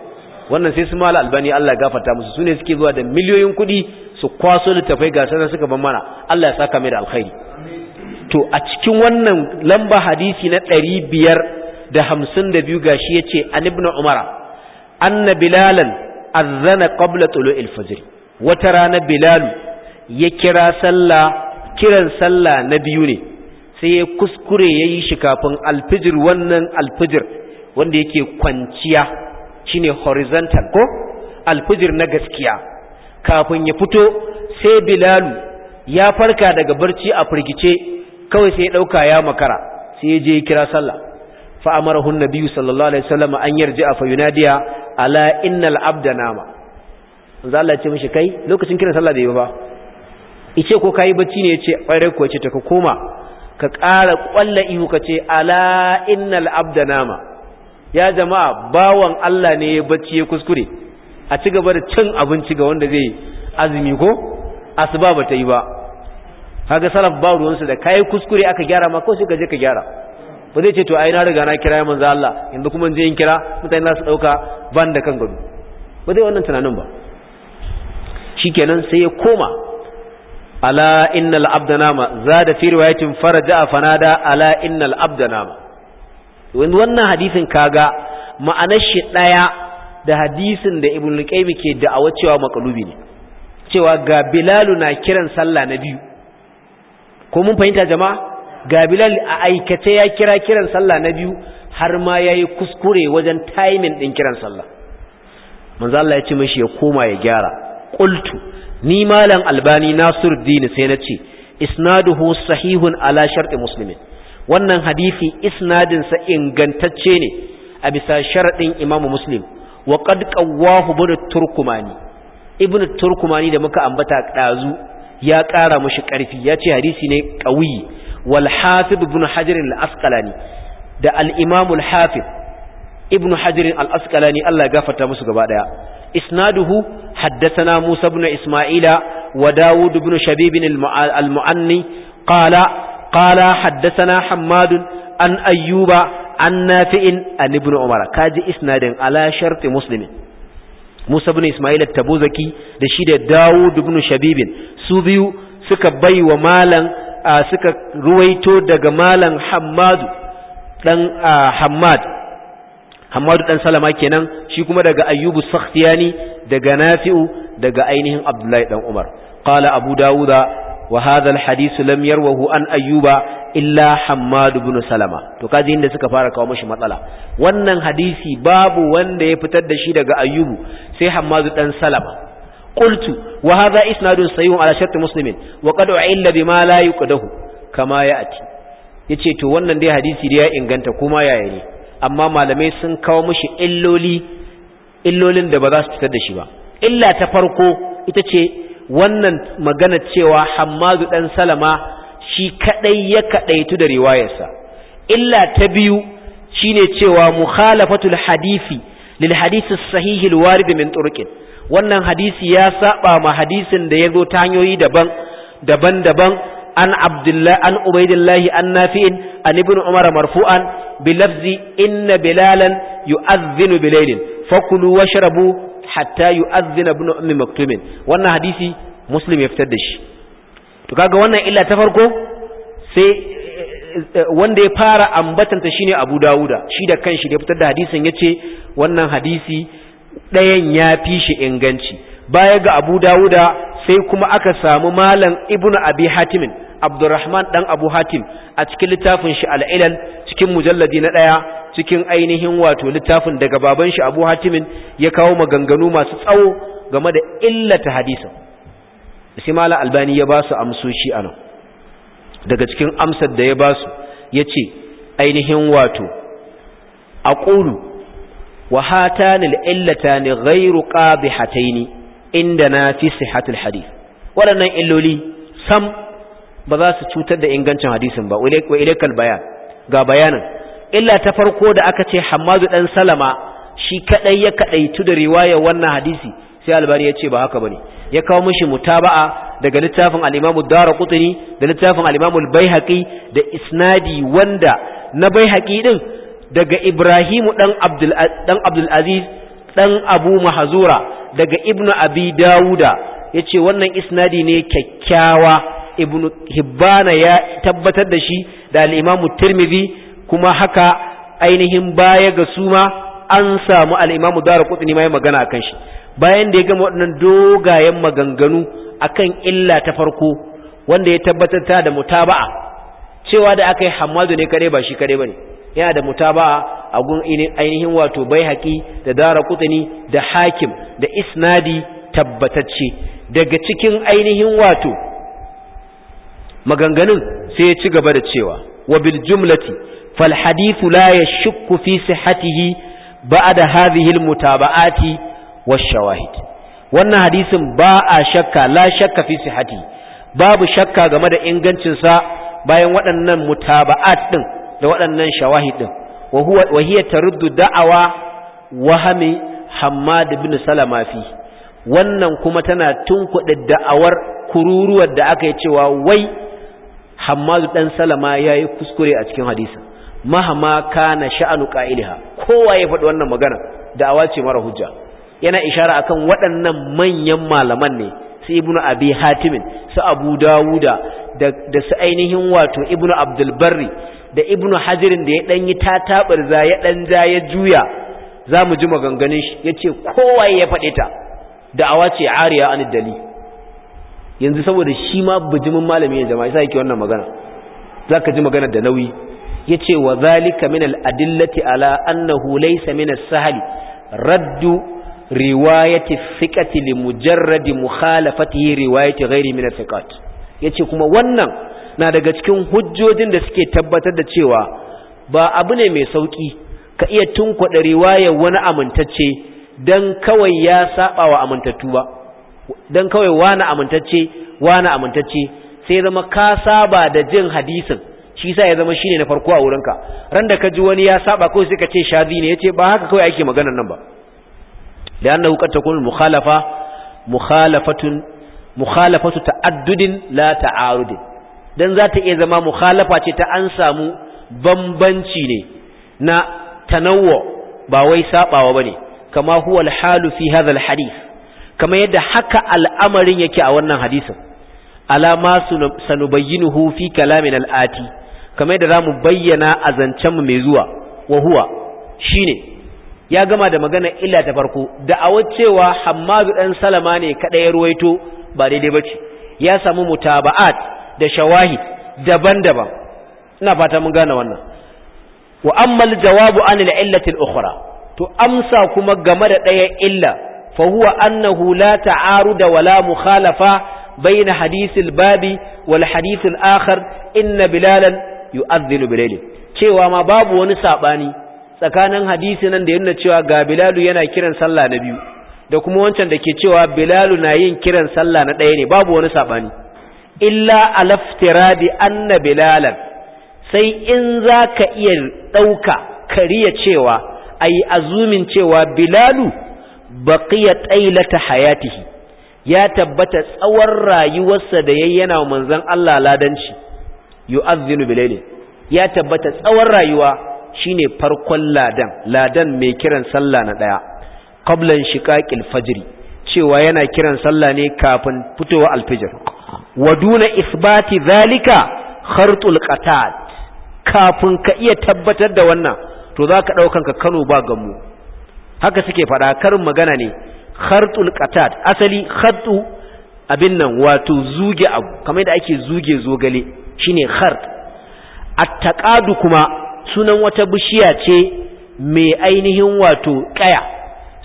wannan sai su mala albani Allah gafarta musu sune suke zuwa da miliyoyin kuɗi su kwaso littafai ga sanar suka ban mana Allah ya saka mai da alkhairi to a cikin wannan lamba hadisi na ɗari biyar da hamsin da biyu gashi ya ce an ibn umara anna bilalan azzana qabla tulu'il fajr wata rana bilalu ya kira sallah kiran sallah na biyu ne sai ya kuskure yayi shi kafin alfijir wannan alfijir wanda yake kwanciya shine horizontal ko alfijir na gaskiya kafin ya fito sai bilalu ya farka daga barci a firgice kawai sai ya dauka ya makara sai ya je kira sallah fa amarahu nabiyyu sallallahu alaihi wasallam an yarji a fayunadiya ala innal abda nama manzo Allah ya ce mishi kai lokacin kira sallah bai ba ice ko kai bacci ne yace kware ko yace ta ka koma ka ƙara ƙwalla ihu ka ce ala innal abda nama ya jama'a bawan Allah ne ya bacci ya kuskure a ci gaba da cin abinci ga wanda zai azumi ko asuba ba ta yi ba kaga salaf ba ruwansu da kai kuskure aka gyara ma ko sai ka je ka gyara ba zai ce to ai na riga na kira manzo Allah yanzu kuma je in kira mutane za su dauka ban da kan gado ba zai wannan tunanin ba shikenan sai ya koma ala innal abda nama zada fi riwayatin faraja fanada ala innal abdana ma. yanzu wannan hadisin kaga ma'anar shi daya da hadisin da ibn al-qayyim ke da'awa cewa makalubi ne cewa ga bilalu na kiran sallah na biyu ko mun fahimta jama'a ga bilal a aikace ya kira kiran sallah na biyu har ma yayi kuskure wajen timing din kiran sallah manzo Allah ya ce mishi ya koma ya gyara qultu ni malam albani nasiruddin sai na ce isnaduhu sahihun ala sharti muslimin wannan hadisi isnadinsa ingantacce ne a bisa sharaɗin imamu muslim wa qad qawwahu ibn turkumani ibn turkumani da muka ambata ɗazu ya ƙara mashi ƙarfi ya ce hadisi ne ƙawi wal hafid ibn hajar da al-imam al-hafid ibn hajar al Allah ya gafarta musu gaba ɗaya isnaduhu na musa ibn isma'ila wa dawud ibn shabib al-mu'anni qala qala haddathana hammad an ayyuba an nafi'in an ibn umar kaji isnadin ala sharti muslimin musa ibn isma'il at-tabuzaki da shi da dawud ibn shabibin su biyu suka baiwa wa malam suka ruwaito daga malam hammadu dan hammad hammadu dan salama kenan shi kuma daga ayyubu sakhtiyani daga nafi'u daga ainihin abdullahi dan umar qala abu dawuda وهذا الحديث لم يروه عن ayyuba illa حماد بن سلمة to kaji inda suka fara kawo mashi matsala wannan hadisi babu wanda ya fitar da shi daga ayyubu sai hammad dan salama qultu wa hadha isnadun sahih ala shart muslimin wa qad u'illa bima la yuqdahu kama ya'ti yace to wannan dai hadisi da ya inganta kuma yaya ne amma malamai sun kawo mashi illoli illolin da ba za su fitar da shi ba illa ta farko ita ce wannan magana cewa hammadu ɗan salama shi kaɗai ya kaɗaitu da riwayarsa illa ta biyu shine cewa mukhalafatul hadisi lil hadisi sahihi alwarid min turqin wannan hadisi ya saba ma hadisin da zo ta hanyoyi daban daban-daban an Abdullahi an ubaidillahi an nafi'in an ibn umar marfu'an bilafzi inna bilalan yu'adhdhinu bilailin fakulu washrabu hatta yu'adhdhina ibn ummi maktum wannan hadisi muslim ya fitar da shi to kaga wannan illa ta farko sai eh, eh, wanda ya fara ambatanta shine Abu Dawuda shi da kanshi da ya fitar da hadisin yace wannan hadisi ɗayan ya fi shi inganci baya ga Abu Dawuda sai kuma aka samu malam Ibnu Abi Hatim Abdurrahman dan Abu Hatim a cikin littafin shi al cikin mujalladi na ɗaya cikin ainihin wato littafin daga baban shi abu hatimin ya kawo maganganu masu tsawo game da illata hadisan. sai albani ya ba su amsoshi a nan daga cikin amsar da ya ba su ya ce ainihin wato a ƙulu wa gairu illatani hataini, inda na fi sihhatil hadith waɗannan illoli sam ba za su cutar da ingancin hadisin ba wa ilaikal bayan ga bayanin illa ta farko da aka ce Hammadu ɗan Salama shi kadai ya kaɗaitu da riwaya wannan hadisi sai albani ya ce ba haka ba ne ya kawo mishi mutaba'a daga littafin al-Imam ad da littafin al-Imam da isnadi wanda na Baihaqi ɗin daga Ibrahimu dan Abdul ɗan Aziz Abu Mahzura daga Ibnu Abi Dawuda ce wannan isnadi ne kyakkyawa Ibnu Hibbana ya tabbatar da shi da al'imamu tirmidhi kuma haka ainihin baya ga suma an samu al'imamu dara kutsini ma magana a kan shi bayan da ya gama waɗannan dogayen maganganu akan illa ta farko wanda ya tabbatar ta da mutaba'a cewa da aka yi hamadu ne kare ba shi kare ba yana da mutaba'a a gun ainihin wato bai haƙi da dara kutsini da hakim da isnadi tabbatacce daga cikin ainihin wato maganganun sai ya ci gaba da cewa wa bil jumlati fal hadithu la yashukku fi sihhatihi ba'da hadhihi al mutaba'ati wash shawahid wannan hadisin ba a shakka la shakka fi sihhati babu shakka game da ingancin sa bayan waɗannan mutaba'at din da waɗannan shawahid din wa huwa wa hiya taruddu da'awa wahami Hammad ibn Salama fi wannan kuma tana tunkuɗe da'awar kururuwar da aka yi cewa wai hammadu ɗan salama ya yi kuskure a cikin hadisin mahama kana sha'anu qa'ilha kowa ya faɗi wannan magana da awa ce mara hujja yana ishara akan waɗannan manyan malaman ne su ibnu abi hatimin su abu dawuda da su ainihin wato ibnu abdul da ibnu hajirin da ya ɗan yi tatabar za ya ɗan ja ya juya za mu ji maganganun shi ya ce kowa ya faɗi ta awa ce ariya an dalil. yanzu saboda shi ma bijimin malami ya jama'a yasa yake wannan magana zaka ji magana da nauyi yace wa zalika min al-adillati ala annahu laysa min as-sahl raddu riwayati thiqati li mujarrad mukhalafatihi riwayati ghairi min thiqat yace kuma wannan na daga cikin hujjojin da suke tabbatar da cewa ba abu ne mai sauki ka iya tunkwada riwayar wani amintacce dan kawai ya saba wa amintattu ba dan kawai wani amintacce wani amintacce sai zama ka saba da jin hadisin shi sa ya zama shine na farko a wurinka ran da ka ji wani ya saba kawai sai ka ce shazi ne yace ba haka kawai ake magana nan ba da annahu qad takun mukhalafa mukhalafatun mukhalafatu ta'addudin la ta'arud dan za ta iya zama mukhalafa ce ta an samu bambanci ne na tanawwu ba wai sabawa bane kama huwa al-halu fi hadha al-hadith kamar yadda haka al'amarin yake a wannan hadisin alama sanubayyinuhu fi kalamin al'ati kamar yadda zamu bayyana a zancen mu mai zuwa Wahuwa huwa shine ya gama da magana illa ta farko da awar cewa Hammadu dan Salama ne kada ya ruwaito ba daidai bace ya samu mutaba'at da shawahi daban-daban ina fata mun gane wannan wa ammal jawabu an al-illati al-ukhra to amsa kuma game da daya illa fa huwa annahu la da wala mukhalafa baina hadisil babi wal hadisil akhar inna bilalan cewa ma babu wani sabani tsakanin hadisi nan da yana cewa ga bilalu yana kiran sallah na biyu da kuma wancan da ke cewa bilalu na yin kiran sallah na ɗaya ne babu wani sabani illa alaftiradi anna bilalan sai in za ka iya ɗauka kariya cewa a yi azumin cewa bilalu baƙiya tailata hayatihi ya tabbata tsawon rayuwarsa da yana manzon Allah ladanci yu'adhdhinu bilaili ya tabbata tsawon rayuwa shine farkon ladan ladan mai kiran sallah na ɗaya. qablan shiqaqil fajri cewa yana kiran sallah ne kafin fitowa alfijir wa duna isbati zalika khartul qatat kafin ka iya tabbatar da wannan to zaka dauka ka Kano ba gamu haka suke fada karin magana ne khartul qatad asali khartu abin nan wato zuge abu kamar da ake zuge zogale shine khart attaqadu kuma sunan wata bishiya ce mai ainihin wato kaya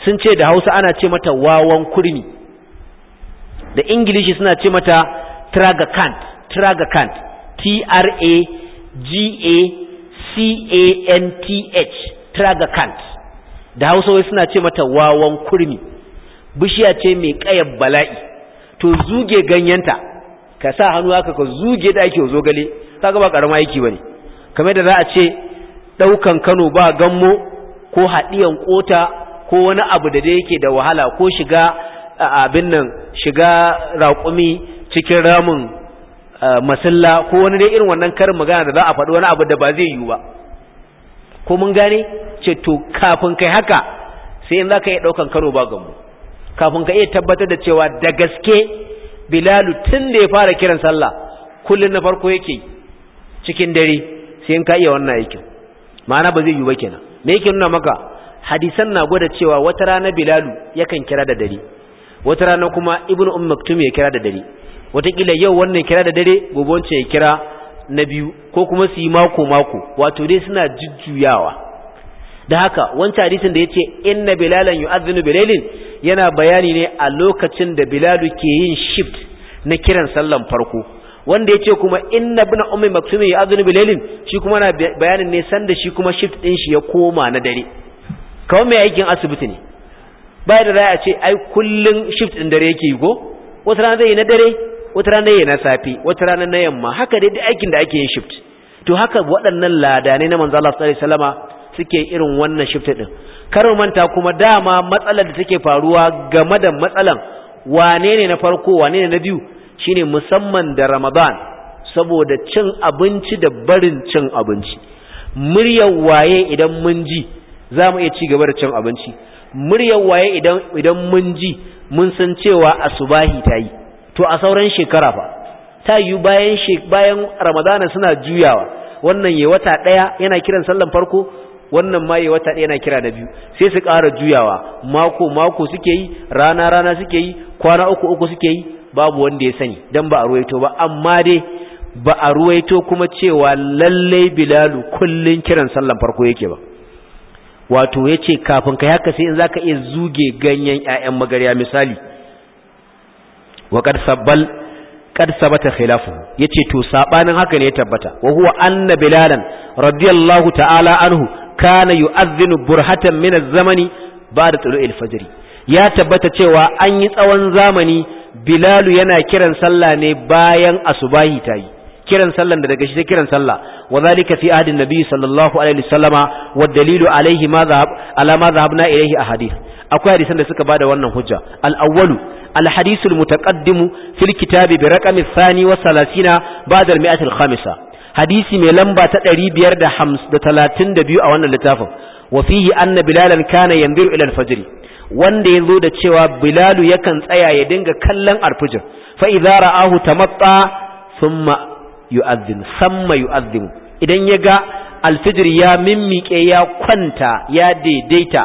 sun ce da Hausa ana ce mata wawan kurmi da Ingilishi suna ce mata tragacant tragacant T R A G A C A N T H tragacant da hausawa suna ce mata wawan kurmi bishiya ce mai ƙayar bala'i to zuge ganyenta ka sa hannu haka ka zuge da ake zo gale kaga ba karama aiki bane kamar da za a ce ɗaukan Kano ba gammo ko haɗiyan kota ko wani abu da dai yake da wahala ko shiga abin nan shiga raƙumi cikin ramin masalla ko wani dai irin wannan karin magana da za a faɗi wani abu da ba zai yiwu ba ko mun gane ce to kafin kai haka sai in za ka iya ɗaukan karo ba gamu kafin ka iya tabbatar da cewa da gaske bilalu tun da ya fara kiran sallah kullum na farko yake cikin dare sai in ka iya wannan aikin ma'ana ba zai yi ba kenan me yake nuna maka hadisan na gwada cewa wata rana bilalu yakan kira da dare wata rana kuma ibnu umm maktum ya kira da dare watakila yau wannan kira da dare gobe wancan ya kira na biyu ko kuma su yi mako mako wato dai suna jujjuyawa da haka wancan hadisin da yace inna bilalan yu'adhdhinu bilailin yana bayani ne a lokacin da bilalu ke yin shift na kiran sallan farko wanda yace kuma inna ibn ummi maktum yu'adhdhinu bilailin shi kuma na bayanin ne sanda shi kuma shift din shi ya koma na dare kawai mai aikin asibiti ne bai da ra'ayi a ce ai kullun shift din dare yake yi ko wata rana zai yi na dare wata rana yi na safi wata rana na yamma haka dai aikin da ake yin shift to haka waɗannan ladanai na manzo Allah sallallahu alaihi wasallama suke irin wannan shift din kar manta kuma dama matsalar da take faruwa game da matsalan wane ne na farko wane ne na biyu shine musamman da Ramadan saboda cin abinci da barin cin abinci muryar waye idan mun ji za mu iya ci gaba da cin abinci muryar waye idan idan mun ji mun san cewa asubahi ta yi? to a sauran shekara fa ta yi bayan bayan Ramadana suna juyawa wannan ya wata ɗaya yana kiran sallan farko wannan maye wata ɗaya na kira na biyu sai su ƙara juyawa mako mako suke yi rana rana suke yi kwana uku uku suke yi babu wanda ya sani dan ba a ruwaito ba amma dai ba a ruwaito kuma cewa lallai bilalu kullum kiran sallan farko yake ba wato yace kafin kai haka sai in zaka iya zuge ganyen ƴaƴan magarya misali wa ƙarsa sabbal ta sabata khilafu yace to sabanin haka ne ya tabbata wa huwa anna bilalan radiyallahu ta'ala anhu kana yu'adhdhinu burhatan min az-zamani ba'da tulu'il fajr ya tabbata cewa an yi tsawon zamani bilalu yana kiran sallah ne bayan asubahi tayi kiran sallan da daga shi sai kiran sallah wa zalika fi ahdin nabi sallallahu alaihi wasallama wa dalilu alaihi ma zahab ala ma zahabna ilaihi ahadith akwai hadisan da suka bada wannan hujja al awwalu al hadithul mutaqaddimu fil kitabi bi raqami thani wa salasina ba'da al mi'at al khamisa hadisi mai lamba ta biyar da da da talatin biyu a wannan littafin wa fihi anna bilalan kana yanbiru ila al wanda da cewa bilalu yakan tsaya ya dinga kallon alfajir fa idza ra'ahu tamatta thumma yu'adhdhin thumma yu'adhdhin idan ya ga alfijir ya mimmike ya kwanta ya daidaita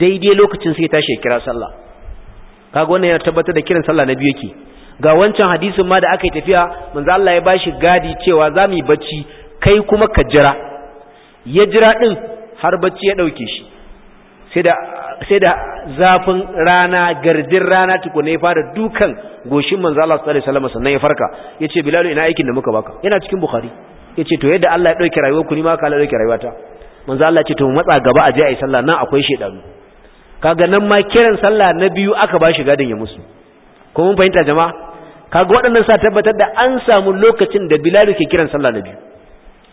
daidai lokacin sai tashi ya kira sallah kaga wannan yana tabbatar da kiran sallah na biyu yake ga wancan hadisin ma da aka yi tafiya manzo Allah ya bashi gadi cewa za mu yi bacci kai kuma ka jira ya jira din har bacci ya dauke shi sai da zafin rana gardin rana tukuna ya fara dukan goshin manzo Allah sallallahu alaihi wasallam sannan ya farka yace bilal ina aikin da muka baka yana cikin bukhari yace to yadda Allah ya dauke rayuwa ku ni ma ka Allah dauke rayuwata manzo Allah ce to mu matsa gaba a je ayi sallah nan akwai shedanu kaga nan ma kiran sallah na biyu aka bashi gadin ya musu ko mun fahimta jama'a kaga waɗannan sa tabbatar da an samu lokacin da bilalu ke kiran sallah na biyu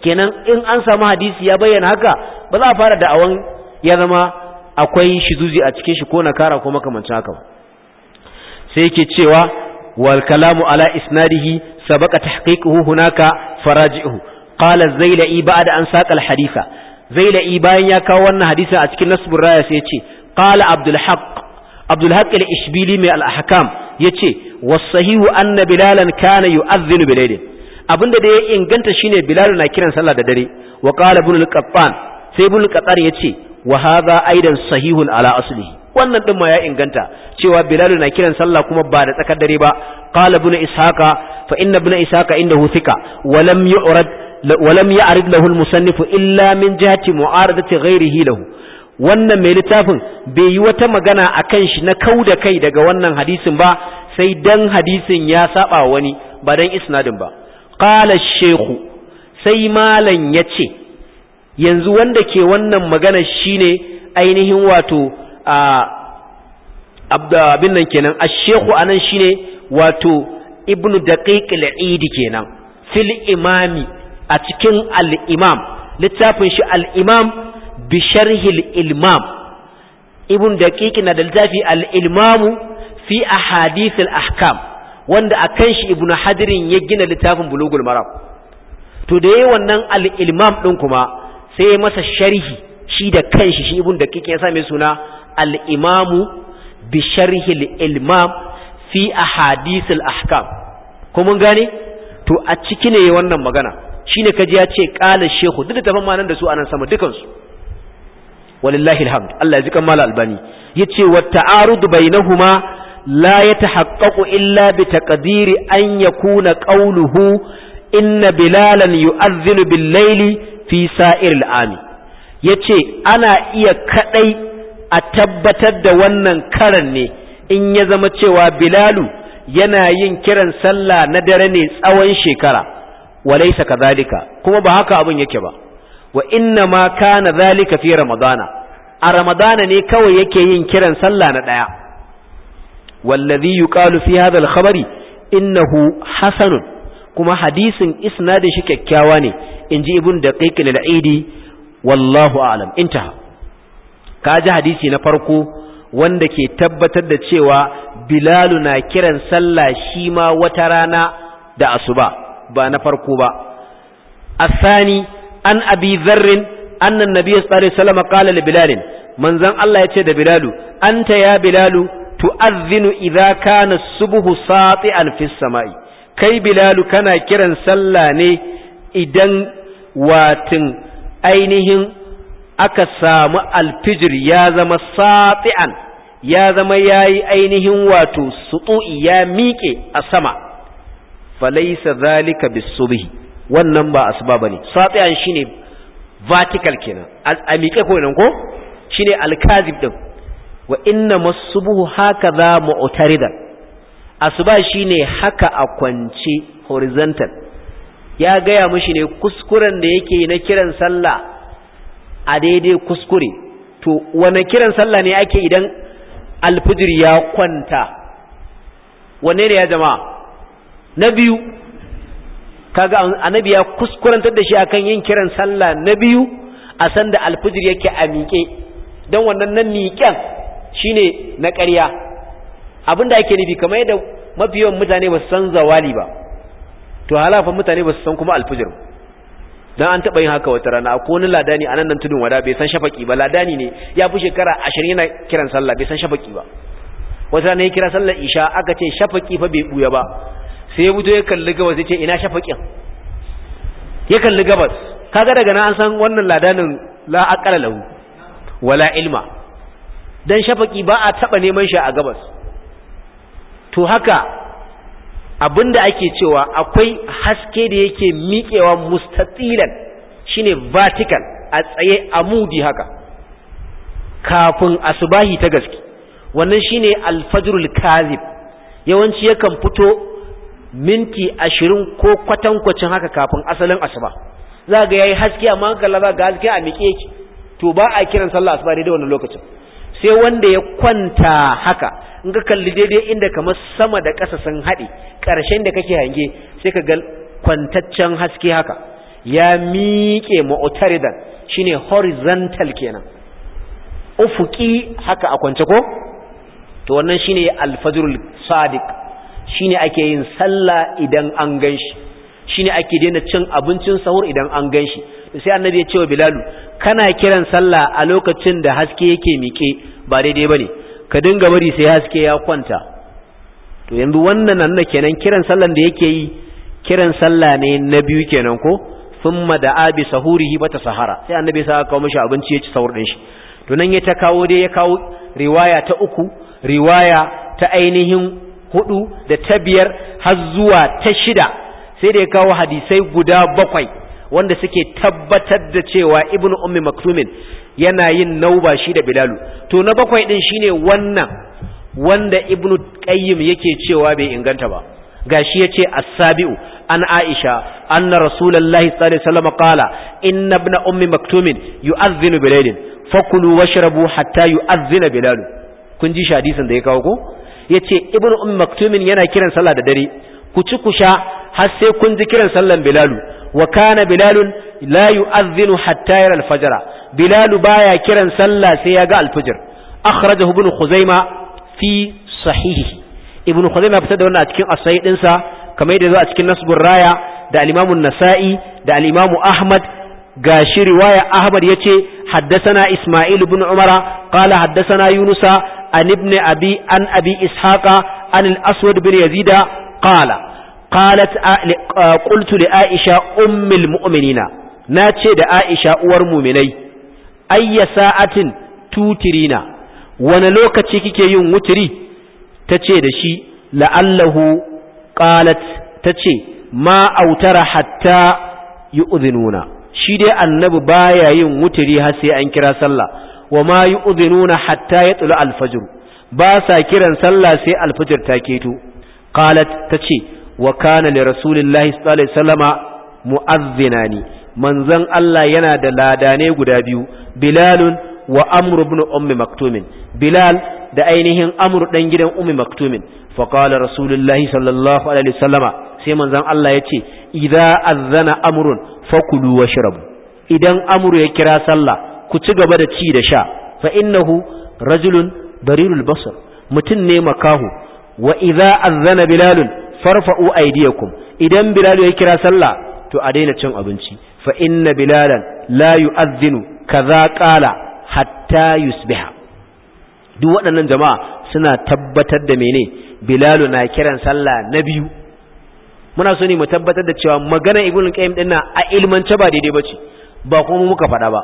kenan in an samu hadisi ya bayyana haka ba za a fara da'awan ya zama akwai shizuzi a cikin shi ko na kara ko makamancin haka ba sai yake cewa wal kalamu ala isnadihi sabaka tahqiquhu hunaka faraji'uhu qala zailai ba'da an saqa al haditha zailai bayan ya kawo wannan hadisin a cikin nasbur raya sai ya ce qala abdul haqq abdul haqq al ishbili mai al ahkam Ya ce wasahihu anna bilalan kana yu'adhdhinu bilailin abin da ya inganta shine bilal na kiran sallah da dare wa qala ibn al-qattan sai ibn al-qattan ce wa hadha aidan sahihun ala aslihi wannan din ma ya inganta cewa bilal na kiran sallah kuma ba da tsakar dare ba qala ibn ishaqa fa inna ibn ishaqa indahu thika wa lam yu'rad ولم يعرض له المصنف إلا من جهة معارضة غيره له wannan mai littafin bai yi wata magana a kan shi na kau da kai daga wannan hadisin ba sai dan hadisin ya saba wani ba dan isnadin ba qala shehu sai malan ya ce yanzu wanda ke wannan magana shine ainihin wato a abin nan kenan ashehu anan shine wato ibnu daqiq al-eid kenan fil imami a cikin al-imam littafin shi al-imam bi sharhil ilmam ibn daqiq na da littafi al fi ahadith ahkam wanda akan shi ibn hadirin ya gina littafin bulugul maram to da yayi wannan al ilmam din kuma sai masa sharhi shi da kanshi shi ibn daqiq ya sa mai suna al imamu bi ilmam fi ahadith al ahkam ko mun gane to a ciki ne wannan magana shine kaji ya ce qala shehu duk da tafan ma nan da su anan sama dukansu walillahi alhamd Allah ya ji kammala albani yace wa ta'arud bainahuma la yatahaqqaqu illa bi taqdiri an yakuna qawluhu inna bilalan yu'adhdhinu bil layli fi sa'ir al-ami yace ana iya kadai a tabbatar da wannan karan ne in ya zama cewa bilalu yana yin kiran sallah na dare ne tsawon shekara walaysa kadhalika kuma ba haka abun yake ba wa inna ma kana zalika fi ramadana a ramadana ne kawai yake yin kiran sallah na daya wallazi yuqalu fi hadha al-khabari innahu hasanun kuma hadisin isnadin shi kyakkyawa ne inji ibn daqiq al-aidi wallahu a'lam intaha kaji hadisi na farko wanda ke tabbatar da cewa bilalu na kiran sallah shi ma wata rana da asuba ba na farko ba Sani. an abi zarrin annan nabi sallallahu alaihi wasallam li bilal manzon Allah yace da bilalu anta ya bilalu tu'azzinu idza kana subhu sati'an fis sama'i kai bilalu kana kiran sallah ne idan watin ainihin aka samu alfijir ya zama sati'an ya zama yayi ainihin wato su'u ya miƙe a sama falaisa zalika subhi wannan ba asuba bane shi shine vertical kenan a miƙe ko nan ko shine al-kazib din wa inna masubuhu hakaza mu'taridan asuba shine haka a kwance horizontal ya gaya mishi ne kuskuren da yake na kiran sallah a daidai kuskure to wane kiran sallah ne ake idan alfijir ya kwanta wanne ne ya jama'a na biyu kaga annabi ya kuskurantar da shi akan yin kiran sallah na biyu a san da alfijir yake a miƙe don wannan nan miƙen shine na ƙarya abin da ake nufi kamar yadda mafi yawan mutane ba su san zawali ba to halafan mutane ba su san kuma alfijir don an taɓa yin haka wata rana ko wani ladani a nan tudun wada bai san shafaki ba ladani ne ya fi shekara ashirin yana kiran sallah bai san shafaki ba wata rana ya kira sallar isha aka ce shafaki fa bai buya ba sai ya fito ya kalli gabas ya ce ina shafaƙin ya kalli gabas kaga daga na an san wannan ladanin la aƙala lahu wala ilma dan shafaƙi ba a taɓa neman shi a gabas to haka abinda ake cewa akwai haske da yake miƙewa mustatilan shine vertical a tsaye a mudi haka kafin asubahi ta gaske wannan shine alfajrul kazib yawanci yakan fito minti ashirin ko kwatankwacin haka kafin asalin asuba za ga yayi haske amma kalla za ga haske a miƙe ki to ba a kiran sallah asuba daidai wannan lokacin sai wanda ya kwanta haka in ka kalli daidai inda kamar sama da ƙasa sun haɗe ƙarshen da kake hange sai ka ga kwantaccen haske haka ya miƙe ma'utaridan shine horizontal kenan ufuki haka a kwance ko to wannan shine alfajrul sadiq shine ake yin sallah idan an ganshi shine ake daina cin abincin sahur idan an gan shi? sai annabi ya ce wa bilalu kana kiran sallah a lokacin da haske yake mike ba daidai bane ka dinga bari sai haske ya kwanta to yanzu wannan nan kenan kiran sallan da yake yi kiran sallah ne na biyu kenan ko thumma abi sahuri, sahurihi bata sahara sai annabi sa kawo mishi abinci ya ci sahur din shi to nan ya ta kawo dai ya kawo riwaya ta uku riwaya ta ainihin hudu da ta biyar har zuwa ta shida sai da ya kawo hadisai guda bakwai wanda suke tabbatar da cewa ibnu ummi maktumin yana yin nauba shi da bilalu to na bakwai din shine wannan wanda ibnu qayyim yake cewa bai inganta ba gashi yace as-sabiu an aisha anna rasulullahi sallallahu alaihi wasallam qala inna ibn ummi maktumin yu'adhdhinu bilalin fakulu washrabu hatta yu'adhdhina bilalu kun ji shi hadisin da ya kawo ko yace ibnu umm maktumin yana kiran sallah da dare ku ci ku sha har sai kun ji kiran sallan bilalu wa kana bilalun la yu'adhdhinu hatta yara al-fajr bilalu baya kiran sallah sai ya ga al-fajr akhrajahu ibn khuzaima fi sahihi ibn khuzaima fitar da wannan a cikin as-sahih dinsa kamar yadda zo a cikin nasbur raya da al an-nasa'i da al ahmad gashi riwaya ahmad yace haddathana isma'il ibn umara qala haddathana yunusa an ibn abi an abi ishaqa an al-aswad bin yazida qala qalat qultu li aisha ummul mu'minina nace da aisha uwar mu'minai ayya sa'atin tutirina wani lokaci kike yin wutiri tace da shi la'allahu qalat tace ma autara hatta yu'dhinuna shi dai annabi baya yin wuturi har sai an kira sallah wa ma yu'dhinuna hatta yatlu al-fajr ba sa kiran sallah sai al-fajr ta keto qalat tace wa kana li rasulillahi sallallahu alaihi wasallama mu'adhdhinani manzon Allah yana da ladane guda biyu bilalun wa amru ibn ummi maktumin bilal da ainihin amru dan gidan ummi maktumin fa qala rasulullahi sallallahu alaihi wasallama sai manzon Allah yace idza azana amrun fakulu washrabu idan amru ya kira sallah ku ci gaba da ci da sha fa innahu rajulun darirul basar mutum ne makahu wa idza azana bilalun farfa'u aydiyakum idan bilal ya kira sallah to a daina cin abinci fa inna bilalan la yu'adhdhinu kaza qala hatta yusbiha duk waɗannan jama'a suna tabbatar da mene bilalu na kiran sallah na biyu muna so ne mu tabbatar da cewa magana ibn qayyim a ilmance ba daidai bace ba kuma muka faɗa ba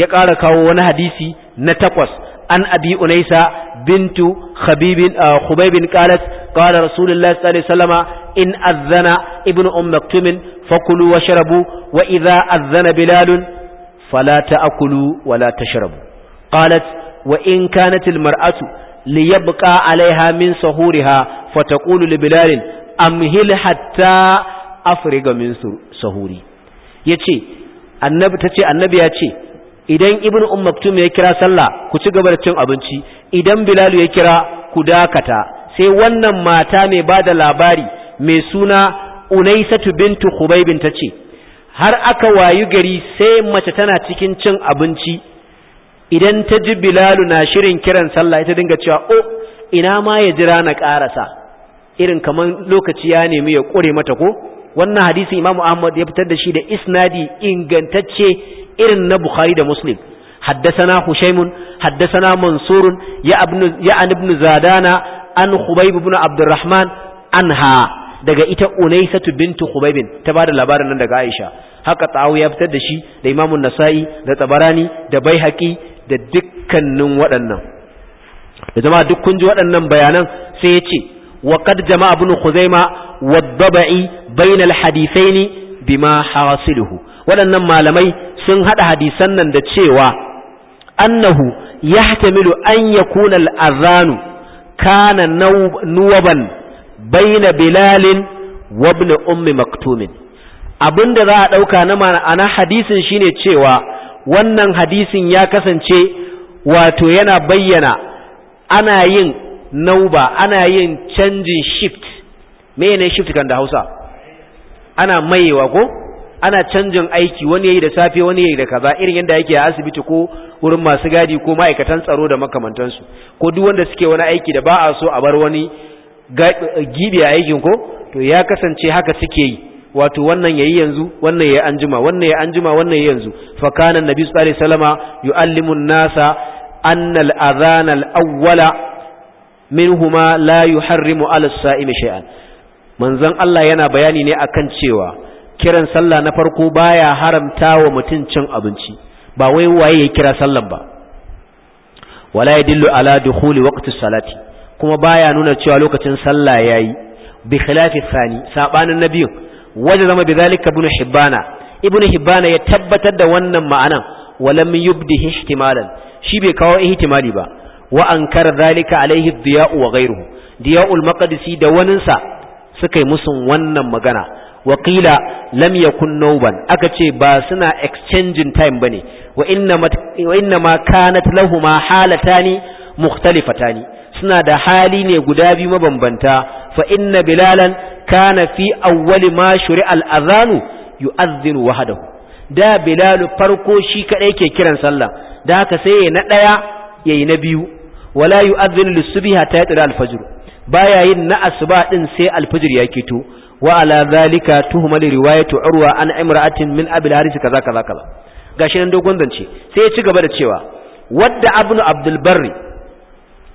ya ƙara kawo wani hadisi na takwas an abi unaisa bintu khabibin ah, khubaybin qalat qala rasulullahi sallallahu alaihi in azana ibn umm maktum fakulu washrabu wa idha azana bilal fala ta'kulu wala tashrabu qalat wa in kanat al mar'atu liyabqa alaiha min sahuriha fataqulu li bilal amhil hatta afriga min sahuri yace annabi tace annabi ya ce idan ibnu umm maktum ya kira sallah ku ci gaba da cin abinci idan bilal ya kira ku dakata sai wannan mata mai da labari mai suna unaisatu bintu khubaybin tace har aka wayu gari sai mace tana cikin cin abinci idan ta ji bilalu na shirin kiran sallah ita dinga cewa oh ina ma ya jira na karasa irin kamar lokaci ya nemi ya kore mata ko wannan hadisin Imam Ahmad ya fitar da shi da isnadi ingantacce irin na Bukhari da Muslim حدثنا هشيم حدثنا منصور يا ابن يا ابن زادانا عن خبيب بن عبد الرحمن عنها daga ita Unaisatu bintu Khubaybin ta bada labarin nan daga Aisha haka Tawu ya fitar da shi da Imam nasai da Tabarani da Baihaqi da dukkanin waɗannan da jama'a duk kun ji waɗannan bayanan sai ya ce وقد جمع ابن خزيمة والضبعي بين الحديثين بما حاصله waɗannan malamai sun haɗa hadisan nan da cewa annahu yahtamilu an yakuna al-adhanu kana nuwaban baina bilalin wa ibn ummi maktumin da za a ɗauka na ma'ana hadisin shine cewa wannan hadisin ya kasance wato yana bayyana ana yin nauba ana yin canjin shift me ne shift kan da hausa ana mayewa ko ana canjin aiki wani yayi da safe wani yayi da kaza irin yadda yake a asibiti ko wurin masu gadi ko ma'aikatan tsaro da makamantansu ko duk wanda suke wani aiki da ba a so a bar wani gibi a aikin ko to ya kasance haka suke yi wato wannan yayi yanzu wannan yayi anjima wannan yayi anjima wannan yayi yanzu fa kana annabi sallallahu alaihi wasallama yu'allimun nasa annal adhana al-awwala minhuma la yuharrimu ala sa'imi shay'an manzon Allah yana bayani ne akan cewa kiran sallah na farko baya haramta wa mutum cin abinci ba wai waye ya kira sallan ba wala yadullu ala dukhuli waqti salati kuma baya nuna cewa lokacin sallah yayi bi khilafi thani sabanin nabiyin waje zama bi zalika ibn hibbana ibn hibbana ya tabbatar da wannan ma'anan walam yubdi ihtimalan shi bai kawo ihtimali ba wa ankara zalika alaihi diya'u wa ghayruhu diya'ul maqdisi da waninsa suka yi musun wannan magana wa qila lam yakun nawban aka ce ba suna exchanging time bane wa inna wa inna ma kanat lahumu halatani mukhtalifatani suna da hali ne guda biyu mabambanta fa inna bilalan kana fi awwali ma shuri'a al-adhanu yu'adhdhinu wahdahu da bilalu farko shi kadai ke kiran sallah da haka sai ya na daya yayi na biyu wala yu'adhdhinu lis-subhi ta yatla al-fajr baya yin na asuba din sai alfajir ya ya kito wa ala zalika tuhmal riwayatu urwa an imra'atin min abi haris kaza kaza kaza gashi nan dogon zance sai ya ci gaba da cewa wadda ibn abdul barri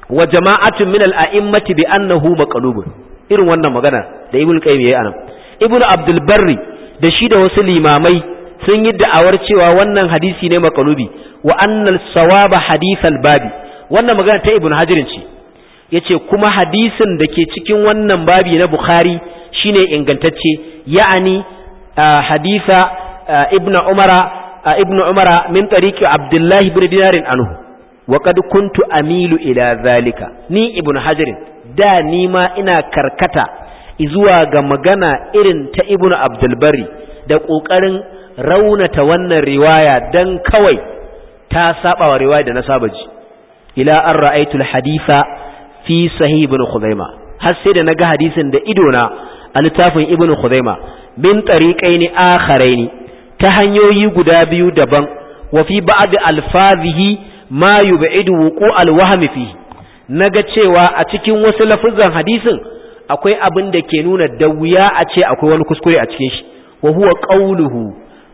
wa jama'atun min al-a'immati bi annahu maqlubun irin wannan magana da ibn qayyim yayi anan ibnu abdul barri da shi da wasu limamai sun yi da'awar cewa wannan hadisi ne maqlubi wa annal sawaba hadithal babi wannan magana ta ibn hajirin ce yace kuma hadisin da ke cikin wannan babi na bukhari shine ingantacce ya'ani haditha ibn umara ibn umara min tariqi abdullahi ibn dinarin anhu wa qad kuntu amilu ila zalika ni ibn hajirin da ni ma ina karkata zuwa ga magana irin ta ibn abdul bari da kokarin raunata wannan riwaya dan kawai ta saba wa riwaya da na saba ji ila an ra'aytul haditha fi sahih ibn khuzaima har sai da naga hadisin da idona a littafin ibn khuzaima min tariqaini akharaini ta hanyoyi guda biyu daban wa fi ba'd alfazihi ma yub'idu wuqu alwahmi fihi naga cewa a cikin wasu lafuzan hadisin akwai abin da ke nuna da wuya a ce akwai wani kuskure a cikin shi wa huwa qawluhu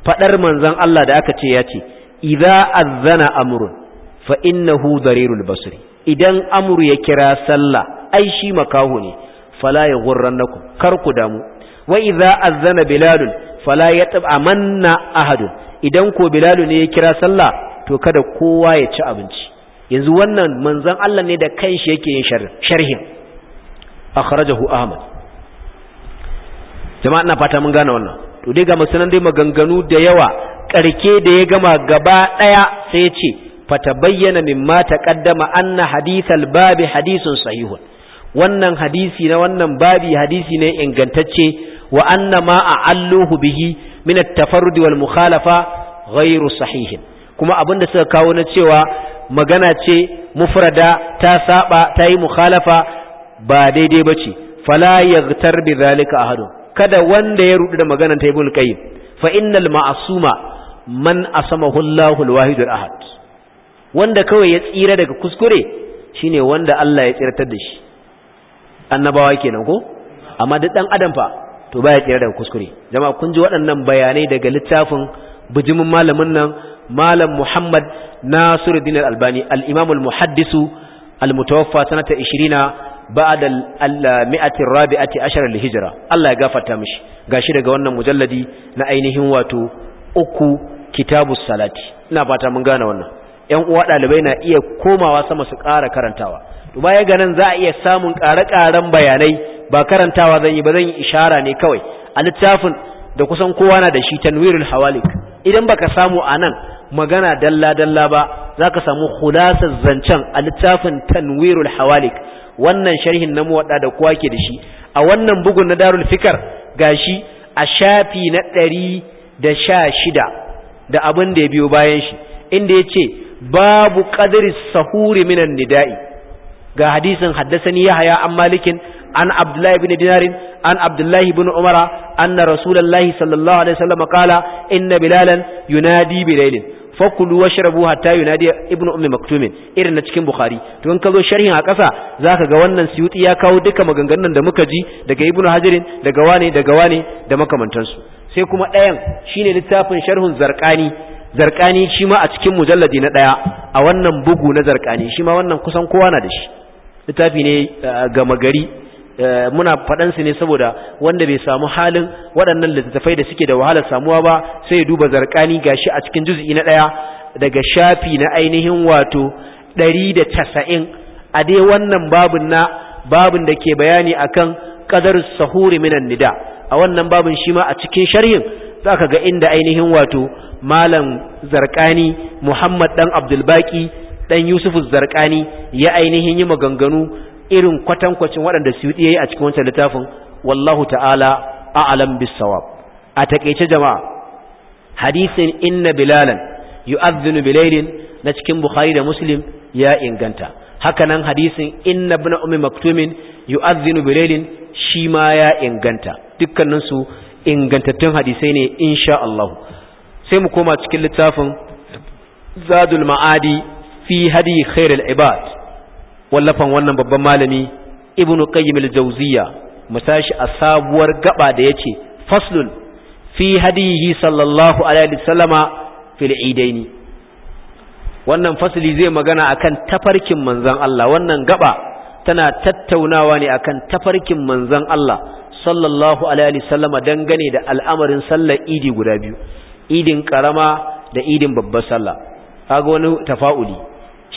fadar manzon Allah da aka ce ya ce idza azzana amrun fa innahu darirul basri idan amru ya kira sallah ai shi makaho ne fala ya ghurrannakum kar ku damu wa idza zana bilal fala manna ahad idan ko bilal ne ya kira sallah to kada kowa ya ci abinci yanzu wannan manzon Allah ne da kanshi yake yin sharhin akhrajahu ahmad jama'a ina fata mun gane wannan to dai ga musulman dai maganganu da yawa karke da ya gama gaba daya sai ya ce fatabayyana mimma taqaddama anna hadithal babi hadithun sahihun wannan hadisi na wannan babi hadisi ne ingantacce wa anna ma alluhu bihi min at-tafarrud wal mukhalafa sahihin kuma abinda suka kawo na cewa magana ce mufrada ta saba ta yi mukhalafa ba daidai bace fala yaghtar bi zalika ahadu kada wanda ya rudu da maganar ta ibn qayyim fa innal ma'suma man asamahu Allahu al ahad wanda kawai ya tsira daga kuskure shine wanda Allah ya tsiratar da shi annabawa kenan ko amma duk dan adam fa to baya tsira daga kuskure jama'a kun ji waɗannan bayanai daga littafin bijimin malamin nan malam Muhammad Nasiruddin Al-Albani al-Imam al-Muhaddis al-mutawaffa sanata 20 ba'da al-mi'ati ar-rabi'ati ashar al-hijra Allah ya gafarta mishi gashi daga wannan mujalladi na ainihin wato uku kitabus salati ina fata mun gane wannan yan uwa dalibai na iya komawa sama su ƙara karantawa to baya ga nan za a iya samun ƙare-ƙaren bayanai ba karantawa zan yi ba zan yi ishara ne kawai a littafin da kusan kowa na da shi tanwirul hawalik idan baka samu a nan magana dalla-dalla ba za ka samu khulasar zancen a littafin tanwirul hawalik wannan sharhin na muwaɗa da kowa ke da shi a wannan bugun na darul fikar gashi a shafi na ɗari da sha shida da abin da ya biyo bayan shi inda ya ce babu qadri sahuri minan nida'i ga hadisin haddasani yahya an malikin an abdullahi ibn dinarin an abdullahi ibn umara anna rasulullahi sallallahu alaihi wasallam qala inna bilalan yunadi bilailin fakulu washrabu hatta yunadi ibn ummi maktumin irin na cikin bukhari to in ka zo sharhin a ƙasa zaka ga wannan suyuti ya kawo duka maganganun da muka ji daga ibn hajarin daga wane daga wane da makamantansu sai kuma ɗayan shine littafin sharhun zarqani zarkani shi ma a cikin mujalladi na ɗaya a wannan bugu na zarkani shi ma wannan kusan kowa na da shi littafi ne eh, gama gari eh, muna faɗansu ne saboda wanda bai samu halin waɗannan littattafai da suke da wahalar samuwa ba sai ya duba zarkani gashi a cikin juz'i na ɗaya daga shafi na ainihin wato ɗari da casa'in a dai wannan babin na babin da ke bayani akan kadar sahuri minan nida a wannan babin shi ma a cikin sharhin za ka ga inda ainihin wato malam zarkani muhammad dan abdulbaki dan yusuf zarkani ya ainihin yi maganganu irin kwatankwacin waɗanda suyuti yayi a cikin wancan littafin wallahu ta'ala a'lam bis a takeice jama'a hadisin inna bilalan yu'adhdhinu bilailin na cikin bukhari da muslim ya inganta hakanan hadisin inna ibn ummi maktumin yu'adhdhinu bilailin shi ma ya inganta dukkaninsu ingantattun hadisai ne insha Allah sai mu koma cikin littafin zadul ma'adi fi hadi khairul ibad wallafan wannan babban malami ibnu qayyim al-jawziyya mutashi a sabuwar gaba da yace faslun fi hadihi sallallahu alaihi wasallama fil idaini wannan fasli zai magana akan tafarkin manzon Allah wannan gaba tana tattaunawa ne akan tafarkin manzon Allah sallallahu alaihi wasallama dangane da al'amarin sallar idi guda biyu idin karama da idin babbar sallah kaga wani tafa'uli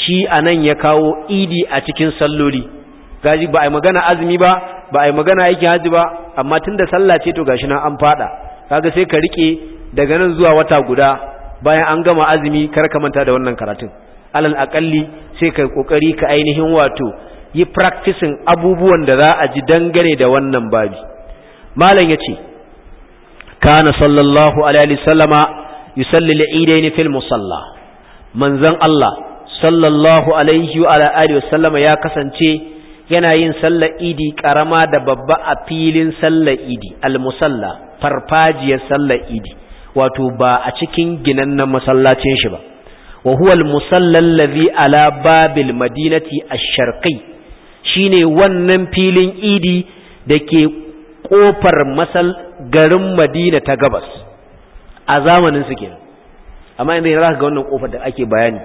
shi anan ya kawo idi a cikin salloli gaji ba ai magana azumi ba ba ai magana aikin haji ba amma tunda sallah ce to gashi nan an fada kaga sai ka rike daga nan zuwa wata guda bayan an gama azumi kar ka manta da wannan karatun alal akalli sai ka kokari ka ainihin wato yi practicing abubuwan da za a ji dangane da wannan babi malam yace kana sallallahu alaihi wasallama yusalli al-eidain fil musalla manzon Allah sallallahu alaihi wa ala ya kasance yana yin sallar idi karama da babba a filin sallar idi al-musalla farfajiyar sallar idi wato ba a cikin ginannen masallacin shi ba wa huwa al ala babil madinati ash-sharqi shine wannan filin idi da ke kofar garin madina ta gabas a zamanin su amma inda za ga wannan kofar da ake bayani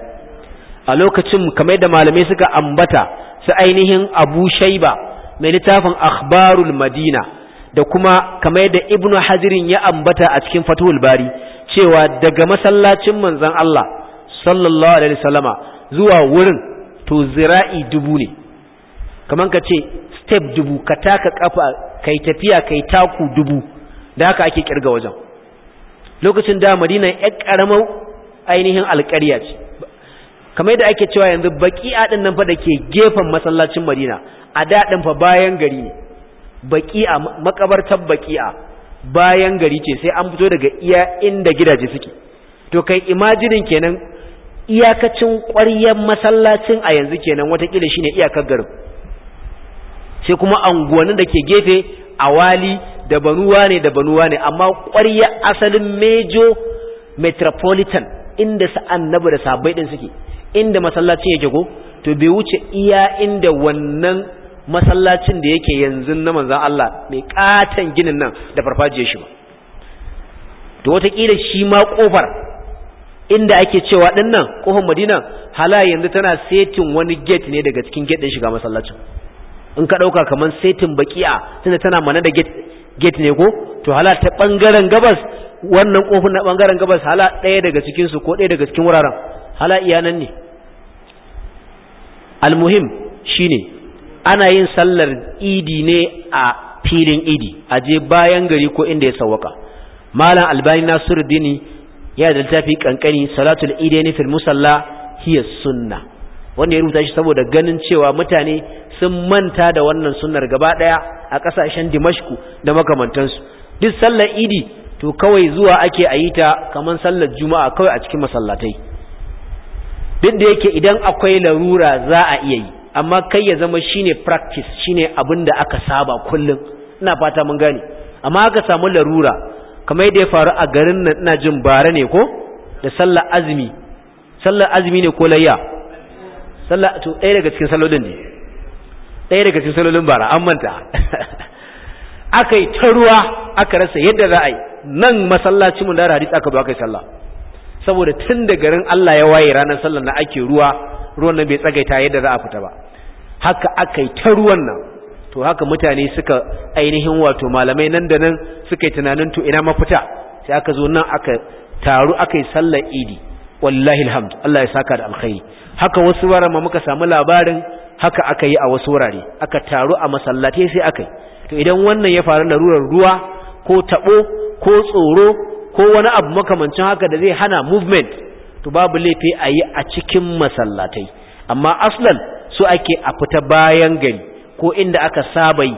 a lokacin kamar da malamai suka ambata su ainihin abu shaiba mai littafin akhbarul madina da kuma kamar da ibnu hazirin ya ambata a cikin fatuhul bari cewa daga masallacin manzon Allah sallallahu alaihi wasallama zuwa wurin to zira'i dubu ne kamar ka ce step dubu ka taka kafa kai tafiya kai taku dubu da haka ake kirga wajen lokacin da madina ya karamar ainihin alƙarya ce kamar da ake cewa yanzu baki'a din nan fa da ke gefen masallacin madina a daɗin fa bayan gari ne baki'a makabartar baki'a bayan gari ce sai an fito daga iya inda gidaje suke to kai imajinin kenan iyakacin ƙwaryar masallacin a yanzu kenan watakila shine iyakar garin sai kuma anguwannin da ke gefe a wali da ne Dabanuwa ne amma ƙwarya asalin mejo metropolitan inda annabi da sabai din suke inda masallacin yake go to bai wuce iya inda wannan masallacin da yake yanzu na manzan Allah mai katan ginin nan da farfajiyar shi ba to wataƙila shi ma ƙofar inda ake cewa ɗin nan ƙofar madina hala yanzu tana setin wani gate ne daga cikin gate ɗin shiga masallacin in ka ɗauka kamar setin baki'a tunda tana mana da gate gate ne ko to hala ta bangaren gabas wannan kofin na bangaren gabas hala ɗaya daga cikin su ko ɗaya daga cikin wuraren hala iyanan ne almuhim shine ana yin sallar idi ne a filin idi a je bayan gari ko inda ya sawaka malam albani nasiruddin ya da littafi kankani salatul ne fil musalla hiya sunna wanda ya rubuta shi saboda ganin cewa mutane sun manta da wannan sunnar gaba daya a ƙasashen dimashku da makamantansu duk sallar idi to kawai zuwa ake a yi ta kamar sallar juma'a kawai a cikin masallatai duk da yake idan akwai larura za a iya yi amma kai ya zama shine practice shine abin da aka saba kullum ina fata mun gane amma aka samu larura kamar yadda ya faru a garin nan ina jin bara ne ko da sallar azumi sallar azumi ne ko layya sallar to ɗaya daga cikin sallolin ne ɗaya daga cikin salolin bara an manta aka yi ta ruwa aka rasa yadda za a yi nan masallaci mun dara hadisi aka zo aka yi sallah saboda tun da garin Allah ya waye ranar sallar na ake ruwa ruwan nan bai tsagaita yadda za a fita ba haka aka yi ta ruwan nan to haka mutane suka ainihin wato malamai nan da nan suka yi tunanin to ina mafita sai aka zo nan aka taru aka yi sallar idi wallahi alhamdu Allah ya saka da alkhairi haka wasu ma muka samu labarin haka aka yi a wasu wurare aka taru a masallatai sai aka yi to idan wannan ya faru larurar ruwa ko tabo ko tsoro ko wani abu makamancin haka da zai hana movement to babu laifi a yi a cikin masallatai amma aslan su ake a fita bayan gari ko inda aka saba yi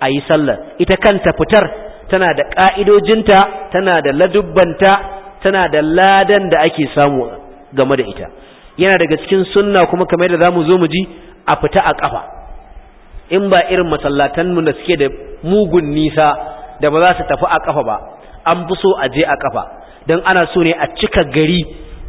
a yi sallar ita kanta fitar tana da ƙa'idojinta tana da ladubbanta tana da ladan da ake samu game da ita yana daga cikin sunna kuma kamar yadda za mu zo mu ji a fita a ƙafa in ba irin masallatan mu da suke da mugun nisa da ba za su tafi a ƙafa ba an fi so a je a ƙafa don ana so ne a cika gari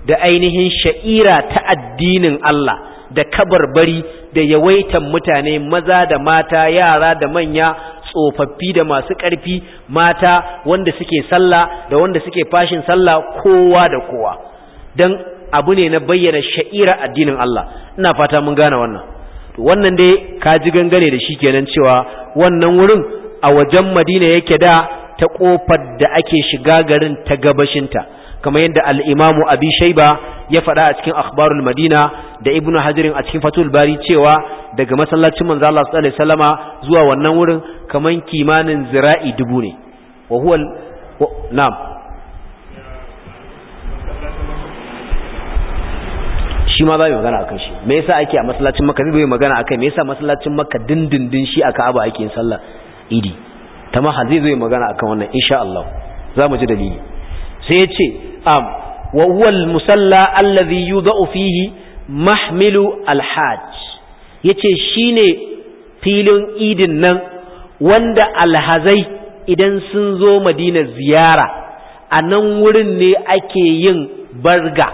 da ainihin sha'ira ta addinin Allah da kabar bari da yawaitan mutane maza da mata yara da manya tsofaffi da masu ƙarfi mata wanda suke sallah da wanda suke fashin sallah kowa da kowa don abu ne na bayyana sha'ira addinin Allah ina fata mun gane wannan to wannan dai ka ji gangane da shi kenan cewa wannan wurin a wajen madina yake da ta kofar da ake shiga garin ta gabashinta kamar yadda al'imamu abi shaiba ya faɗa a cikin akhbarul madina da ibnu hajirin a cikin fatul bari cewa daga masallacin manzo Allah sallallahu alaihi wasallama zuwa wannan wurin kaman kimanin zira'i dubu ne wa huwa na'am shi ma za mu magana akan shi me yasa ake a masallacin makka zai magana akai me yasa masallacin makka dindindin shi a ka'aba ake yin sallah idi Ta ma hazi zai zo magana akan wannan insha Allah za mu ji dalili sai ya ce am wa huwal musalla allazi yudau fihi mahmilu alhajj yace shine filin idin nan wanda alhazai idan sun zo madina ziyara a nan wurin ne ake yin barga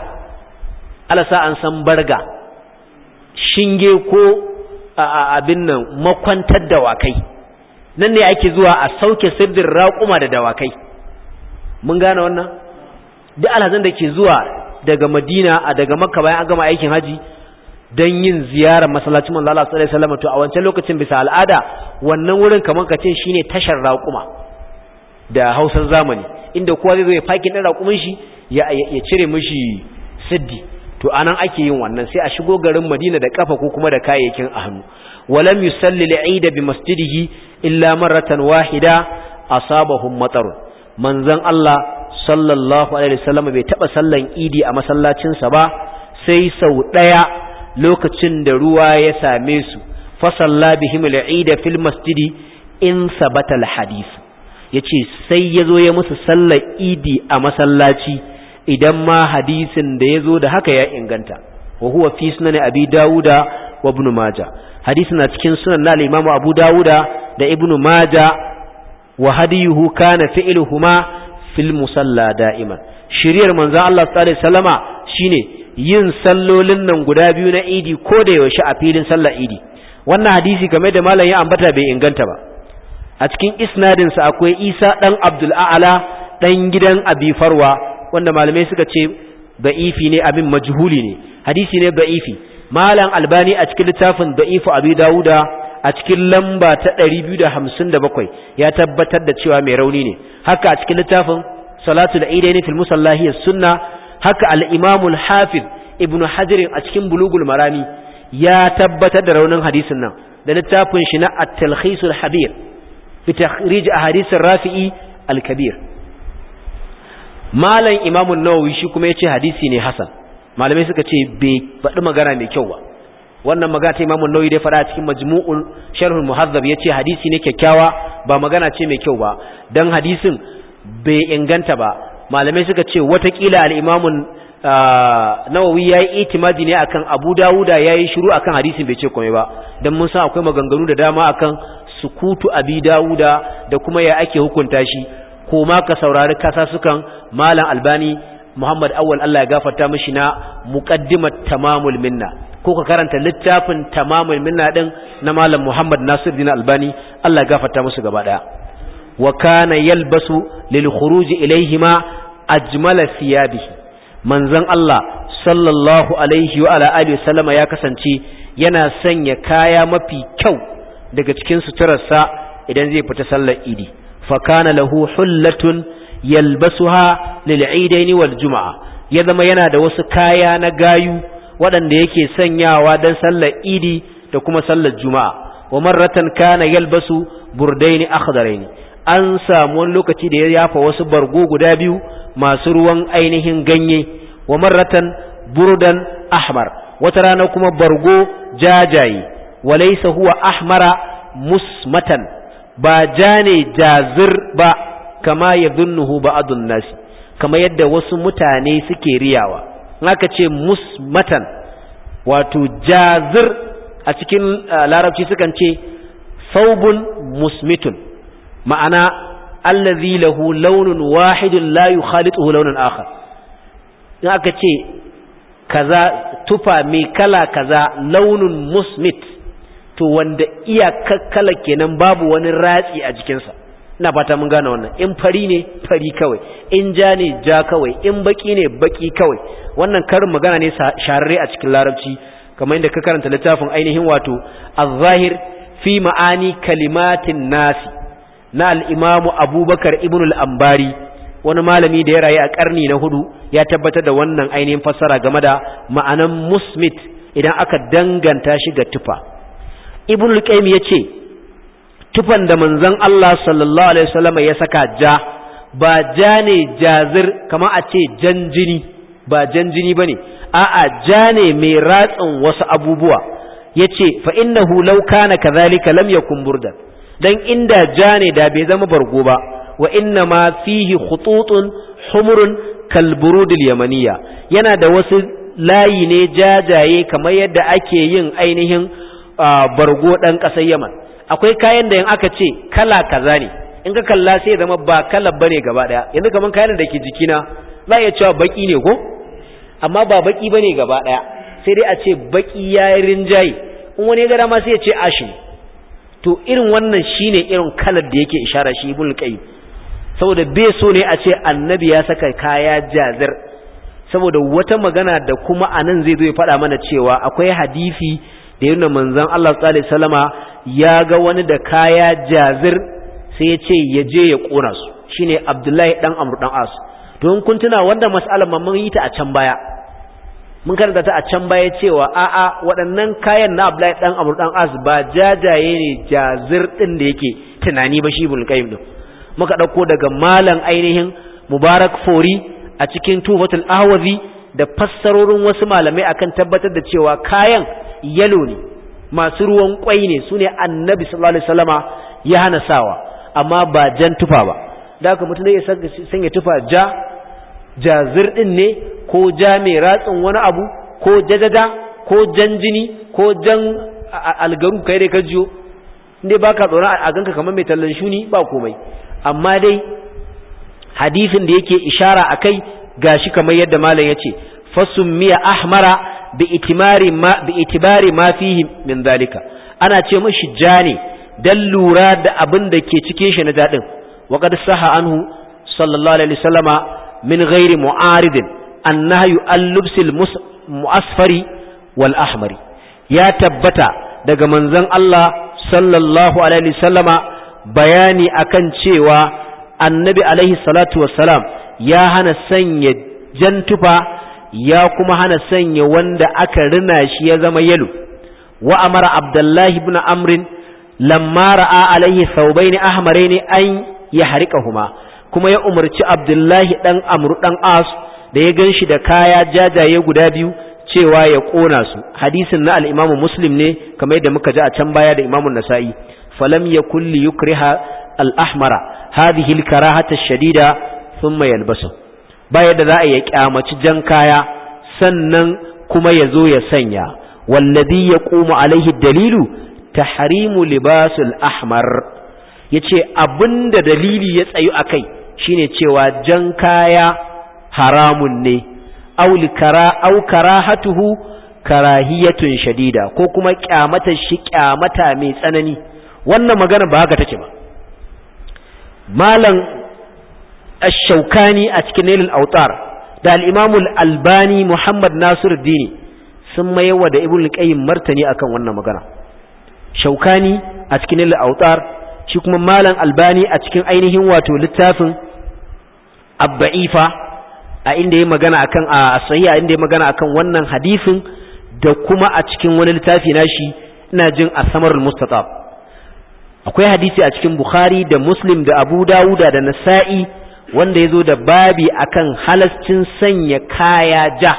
alasa an san barga shinge ko abin nan makwantar dawakai nan ne ake zuwa a sauke sirdin raƙuma da dawakai mun gane wannan duk alhazan da ke zuwa daga madina a daga makka bayan an gama aikin haji don yin ziyarar masallacin manzo Allah sallallahu alaihi wasallam to a wancan lokacin bisa al'ada wannan wurin kamar ka ce shine tashar raƙuma da hausan zamani inda kowa zai zo ya faki din raƙumin shi ya ya cire mishi siddi to anan ake yin wannan sai a shigo garin Madina da kafa ko kuma da kayayyakin a hannu walam yusalli al-eid bi masjidihi illa maratan wahida asabahum matar manzon Allah sallallahu alaihi wasallam bai taba sallan idi a masallacin sa ba sai sau daya lokacin da ruwa ya same su fa salla bihim al-eid fil masjidi in sabata al-hadith yace sai yazo ya musu sallar idi a masallaci idan ma hadisin da ya zo da haka ya inganta wa huwa fi sunan abi dawuda wa ibn maja hadisi na cikin sunan na imam abu dawuda da ibn maja wa hadiyuhu kana fi'luhuma fil musalla da'iman shiriyar manzon Allah sallallahu alaihi wasallama shine yin sallolin nan guda biyu na idi ko da yaushe a filin sallar idi wannan hadisi game da malam ya ambata bai inganta ba a cikin isnadinsa akwai isa ɗan abdul a'ala dan gidan abifarwa wanda malamai suka ce da'ifi ne abin majhuli ne hadisi ne da'ifi malam albani a cikin littafin da'ifu abi dawuda a cikin lamba ta 257 ya tabbatar da cewa mai rauni ne haka a cikin littafin salatu da idaini fil musallahi sunna haka al-imam al-hafiz ibnu hajar a cikin bulugul marami ya tabbatar da raunin hadisin nan da littafin shi na at-talkhisul habir fi takhrij ahadith ar-rafi'i al-kabir malam imamun nawawi shi kuma ya ce hadisi ne hasan malamai suka ce bai faɗi magana mai kyau ba wannan magana ta imamun nawawi dai faɗa cikin majmu'ul sharhul muhazzab ya ce hadisi ne kyakkyawa ba magana ce mai kyau ba dan hadisin bai inganta ba malamai suka ce watakila al'imamun ah, nawawi ya yi itimadi ne akan abu dawuda ya yi shiru akan hadisin bai ce kome ba don mun san akwai maganganu da dama akan sukutu abi dawuda da kuma ya ake hukunta shi ko ma ka saurari kasasukan malam albani muhammad Awal. Allah ya gafarta mishi na muqaddimat tamamul minna ko ka karanta littafin tamamul minna din na malam muhammad nasiruddin albani Allah ya gafarta musu gaba daya wa kana yalbasu lil khuruj ilayhima ajmala thiyabihi manzon Allah sallallahu alaihi wa ala alihi sallama ya kasance yana sanya kaya mafi kyau daga cikin suturarsa idan zai fita sallar idi fa kana lahu hullatun yalbasuha lil idaini wal juma'a ya zama yana da wasu kaya na gayu waɗanda yake sanyawa don sallar idi da kuma sallar juma'a wa marratan kana yalbasu burdaini akhdaraini an samu wani lokaci da ya yafa wasu bargo guda biyu masu ruwan ainihin ganye wa marratan burdan ahmar wata rana kuma bargo jajaye walaysa huwa ahmara musmatan ba ja ne jazir ba kama ya zunnuhu ba'adun nasi kama yadda wasu mutane suke riyawa aka ce musmatan wato jazir a cikin larabci sukan ce saubun musmitun ma'ana allazi lahu launun wahidun la yukhalituhu launun akhar in aka ce kaza tufa mai kala kaza launin musmit to wanda iya kala kenan babu wani ratsi a jikinsa ina fata mun gane wannan in fari ne fari kawai in ja ne ja kawai in baki ne baki kawai wannan karin magana ne shahararre a cikin larabci kamar yadda ka karanta littafin ainihin wato az-zahir fi ma'ani kalimatin nasi na Al'imamu abubakar ibn al-ambari wani malami da ya rayu a karni na hudu ya tabbatar da wannan ainihin fassara game da ma'anan musmit idan aka danganta shi ga tufa ibn ya yace tufan da manzon Allah sallallahu alaihi wasallam ya saka ja ba ja ne jazir kama a ce jan jini ba jan jini ne a'a ja ne mai ratsin wasu abubuwa yace fa innahu law kana kadhalika lam yakun burdan dan inda ja ne da bai zama bargo ba wa inna ma fihi khututun humurun kalburudil yamaniya yana da wasu layi ne jajaye kamar yadda ake yin ainihin bargo ɗan ƙasar yaman akwai kayan da in aka ce kala kaza ne in ka kalla sai zama ba kala bane gaba ɗaya yanzu kaman kayan da ke jikina za a iya cewa baki ne ko amma ba baki bane gaba ɗaya sai dai a ce baki ya yi rinjaye in wani gara ma sai ya ce ashi to irin wannan shine irin kalar da yake ishara shi ibn qayyim saboda bai so ne a ce annabi ya saka kaya jazir saboda wata magana da kuma anan zai zo ya faɗa mana cewa akwai hadisi da yi manzan Allah tsali salama ya ga wani da kaya jazir sai ya ce ya je ya kora su shine abdullahi ɗan amur ɗan as don kun tuna wanda mas'alar mun yi ta a can baya mun karanta ta a can baya cewa a'a waɗannan kayan na abdullahi dan amur ɗan as ba jajaye ne jazir ɗin da yake tunani ba shi ibn qayyim din muka ɗauko daga malam ainihin mubarak fori a cikin tufatul ahwazi da fassarorin wasu malamai akan tabbatar da cewa kayan yalo ne masu ruwan kwai ne su ne annabi sallallahu alaihi wasallama ya hana sawa amma ba jan tufa ba da haka mutum ya sanya tufa ja jazir din ne ko ja mai ratsin wani abu ko jajaja ko jan jini ko jan algaru kai dai ka jiyo inda ba ka tsoron a ganka kamar mai tallan shuni ba komai amma dai hadisin da yake ishara a kai gashi kamar yadda malam ya ce fasummiya ahmara bi itimari ma bi itibari ma fihi min zalika ana ce mishi ja ne don lura da abin da ke cikin shi na daɗin. Waƙar qad saha anhu sallallahu alaihi wasallama min gairi mu'aridin annahyu al-lubsil mu'asfari wal ahmari ya tabbata daga manzon Allah sallallahu alaihi wasallama bayani akan cewa annabi alaihi salatu wassalam ya hana sanya jan tufa. ya kuma hana sanya wanda aka rina shi ya zama yalo wa amara abdullahi ibn amrin lamma ra'a alaihi thawbayn ahmarayn an yahriqahuma kuma ya umarci abdullahi dan amru dan as da ya ganshi da kaya jajaye guda biyu cewa ya kona su hadisin na al-imamu muslim ne kamar yadda muka ji a can baya da imamun nasa'i falam yakul yukriha al-ahmara hadhihi al-karahata ash-shadida thumma yalbasu ba yadda za a ya kyamaci jan kaya sannan kuma ya zo ya sanya wallazi ya kuma alaihi dalilu tahrimu libasul ahmar yace abinda dalili ya tsayu a akai shine cewa jan kaya haramun ne aulikara au karahatuhu karahiyatun shadida ko kuma kyamatar shi kyamata mai tsanani wannan magana ba haka take ba malam ash-shawkani a cikin nailul autar da al albani muhammad Nasiru nasiruddin sun mayewa da ibnu qayyim martani akan wannan magana shaukani a cikin nailul autar shi kuma malam albani a cikin ainihin wato littafin abba'ifa a inda ya magana akan a sahiha inda ya magana akan wannan hadisin da kuma a cikin wani littafi nashi ina jin a asamarul mustatab akwai hadisi a cikin bukhari da muslim da abu dawuda da nasa'i wanda ya zo da babi akan halascin sanya kaya ja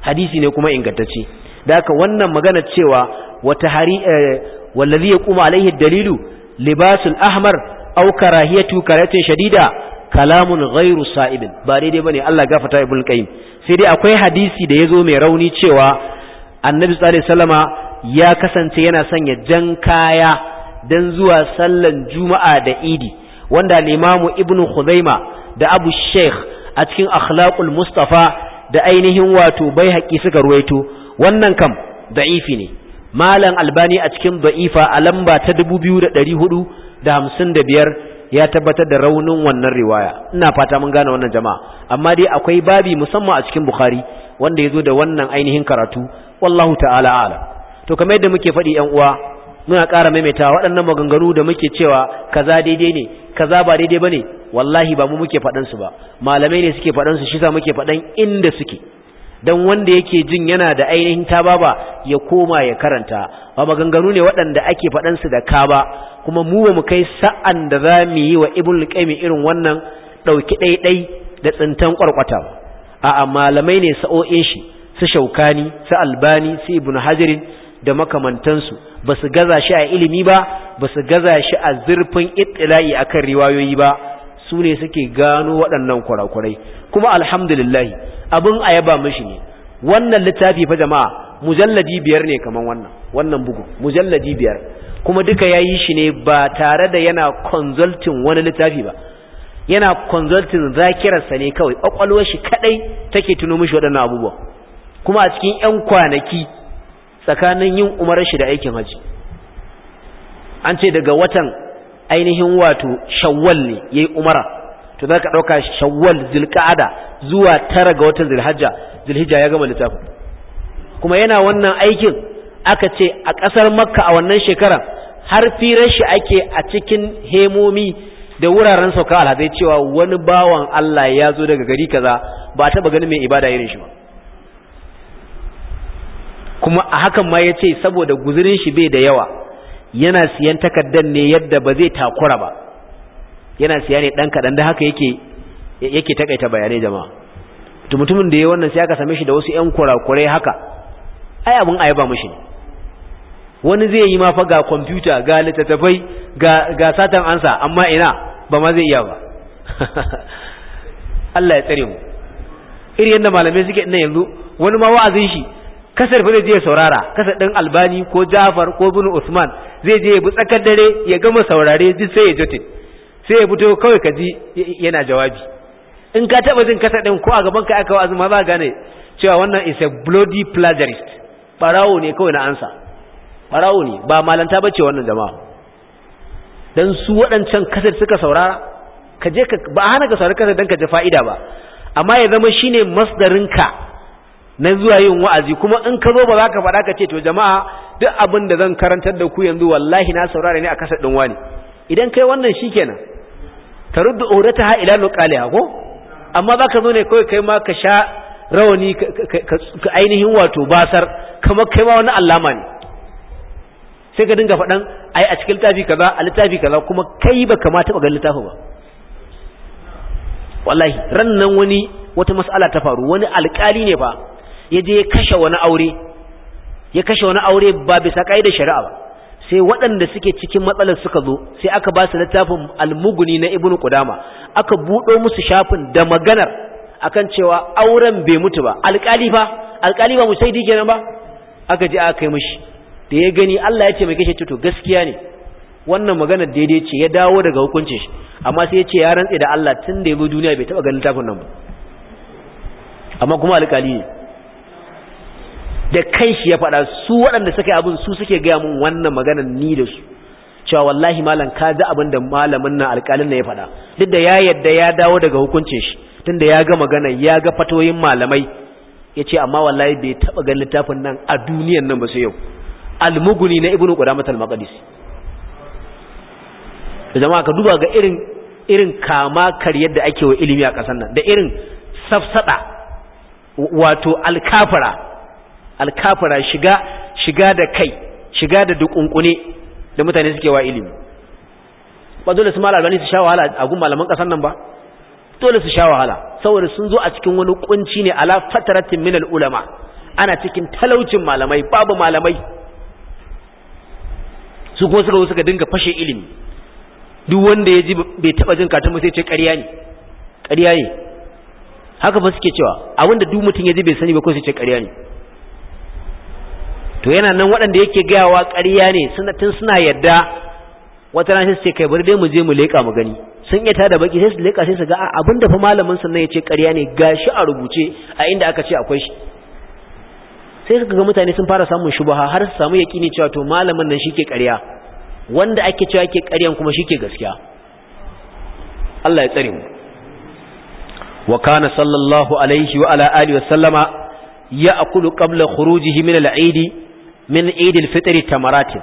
hadisi ne kuma ingantacce da haka wannan magana cewa wata hari eh, wallazi kuma alaihi dalilu libasul ahmar aw karahiyatu karatin shadida kalamun ghairu sa'ibin ba daidai bane Allah gafarta ibul qayyim sai dai akwai hadisi da yazo mai rauni cewa annabi sallallahu alaihi wasallama ya kasance yana sanya jan kaya dan zuwa sallan juma'a da idi wanda limamu ibnu khuzaima da abu sheikh a cikin akhlaqul mustafa da ainihin wato bai haƙi suka ruwaito wannan kam da'ifi ne malam albani a cikin da'ifa a lamba ta da da hudu hamsin biyar ya tabbatar da raunin wannan riwaya ina fata mun gane wannan jama'a amma dai akwai babi musamman a cikin bukhari wanda ya zo da wannan ainihin karatu wallahu ta'ala ala." to kamar yadda muke faɗi yan uwa muna ƙara maimaita waɗannan maganganu da muke cewa kaza daidai ne kaza ba daidai bane wallahi ba mu muke faɗan su ba malamai ne suke faɗan su shi sa muke faɗan inda suke dan wanda yake jin yana da ainihin tababa ya koma ya karanta ba maganganu ne waɗanda ake faɗan su da ka ba kuma mu ba mu kai sa'an da za mu yi wa ibnu qayyim irin wannan ɗauki ɗaiɗai da tsintan kwarkwata a'a malamai ne sa'o'in shi su shaukani su albani su ibnu hajarin da makamantansu ba su gaza shi a ilimi ba ba su gaza shi a zurfin itila'i akan riwayoyi ba su ne suke gano waɗannan kurakurai kuma alhamdulillahi abin a yaba mashi ne wannan littafi fa jama'a mujalladi biyar ne kaman wannan wannan bugu mujalladi biyar kuma duka ya yi shi ne ba tare da yana konzultin wani littafi ba yana consulting zakirarsa ne kawai ƙwaƙwalwar shi kaɗai take tuno mishi waɗannan abubuwa kuma a cikin 'yan kwanaki tsakanin yin umarar shi da aikin haji an ce daga watan ainihin wato shawwal ne yayi umara to za ka ɗauka shawwal zilka'ada zuwa tara ga watan zilhajja zilhijja ya gama littafin kuma yana wannan aikin aka ce a ƙasar makka a wannan shekaran har firar shi ake a cikin hemomi da wuraren sauka alhazai cewa wani bawan Allah ya zo daga gari kaza ba taɓa ganin mai ibada irin shi ba kuma a hakan ma ya ce saboda guzurin shi bai da yawa yana siyan takardar ne yadda ba zai takura ba yana siya ne ɗan kaɗan da haka yake yake takaita bayanai jama'a mutumin da ya wannan sai aka same shi da wasu yan kurakurai haka ai abin ayi ba mushi ne wani zai yi ma fa ga kwamfuta ga littattafai ga ga satan ansa amma ina ba ma zai iya ba Allah ya tsare mu iri yadda malamai suke ina yanzu wani ma wa'azin shi kasar ba zai je saurara kasar ɗin albani ko jafar ko bin usman zai je ya bi tsakar dare ya gama saurare ji sai ya jotin sai ya fito kawai ka ji yana jawabi in ka taɓa jin kasar ɗin ko a gaban ka aka wazuma ma ba gane cewa wannan is a bloody plagiarist Ɓarawo ne kawai na ansa ɓarawo ne ba malanta ba ce wannan jama'a dan su waɗancan kasar suka saurara ka je ka ba hana ka saurari kasar dan ka ji fa'ida ba amma ya zama shine masdarinka na zuwa yin wa'azi kuma in ka zo ba za ka faɗa ka ce to jama'a duk abin da zan karantar da ku yanzu wallahi na saurari ne a kasar ɗin wani idan kai wannan shikenan ta rudda ta ha ila lokaliya ko amma za ka zo ne kawai kai ma ka sha rawani ka ainihin wato basar kama kai ma wani allama ne sai ka dinga faɗan ai a cikin littafi kaza a littafi kaza kuma kai ba kama taɓa ga littafi ba wallahi ran nan wani wata mas'ala ta faru wani alƙali ne fa ya je ya kashe wani aure ya kashe wani aure ba bisa da shari'a ba sai waɗanda suke cikin matsalar suka zo sai aka ba su littafin almuguni na ibnu kudama aka buɗo musu shafin da maganar akan cewa auren bai mutu ba alƙali fa alƙali ba musaidi kenan ba aka je aka kai mishi da ya gani Allah ya ce mai kashe to gaskiya ne wannan magana daidai ce ya dawo daga hukuncin shi amma sai ya ce ya rantse da Allah tun da ya bi duniya bai taɓa ganin littafin nan ba amma kuma alƙali ne da kanshi ya faɗa su waɗanda suka yi abin su suke gaya mun wannan maganan ni da su cewa wallahi malam ka ji abin da malamin nan alƙalin na ya faɗa duk da ya yadda ya dawo daga hukuncin shi tunda ya ga magana ya ga fatoyin malamai ya ce amma wallahi bai taɓa ganin littafin nan a duniyan nan ba sai yau almuguni na ibnu qudamah al-maqdis jama'a ka duba ga irin irin kama karyar da ake wa ilimi a ƙasar nan da irin safsada wato alkafara alkafira shiga shiga da kai shiga da dukunkune da mutane suke wa ilimi ba dole su malar albani su sha wahala a gun malaman kasan nan ba dole su sha wahala saboda sun zo a cikin wani kunci ne ala fataratin minal ulama ana cikin talaucin malamai babu malamai su kuma suka suka dinga fashe ilimi duk wanda ya ji bai taba jin katon ba sai ce ƙarya ne ƙarya ne haka ba suke cewa a wanda duk mutum ya ji bai sani ba ko sai ce ƙarya ne to yana nan waɗanda yake gayawa ƙarya ne suna tun suna yadda wata rana sai kai bari dai mu je mu leƙa mu gani sun iya tada baki sai su leƙa sai su ga abin da fa malamin sun ya ce ƙarya ne gashi a rubuce a inda aka ce akwai shi sai suka ga mutane sun fara samun shubaha har su samu yaƙini cewa to malamin nan shike ƙarya wanda ake cewa yake ƙaryan kuma shike gaskiya Allah ya tsare mu wa kana sallallahu alaihi wa ala alihi wa sallama ya'kulu qabla khurujihi min al-'idi min idil fitri tamaratin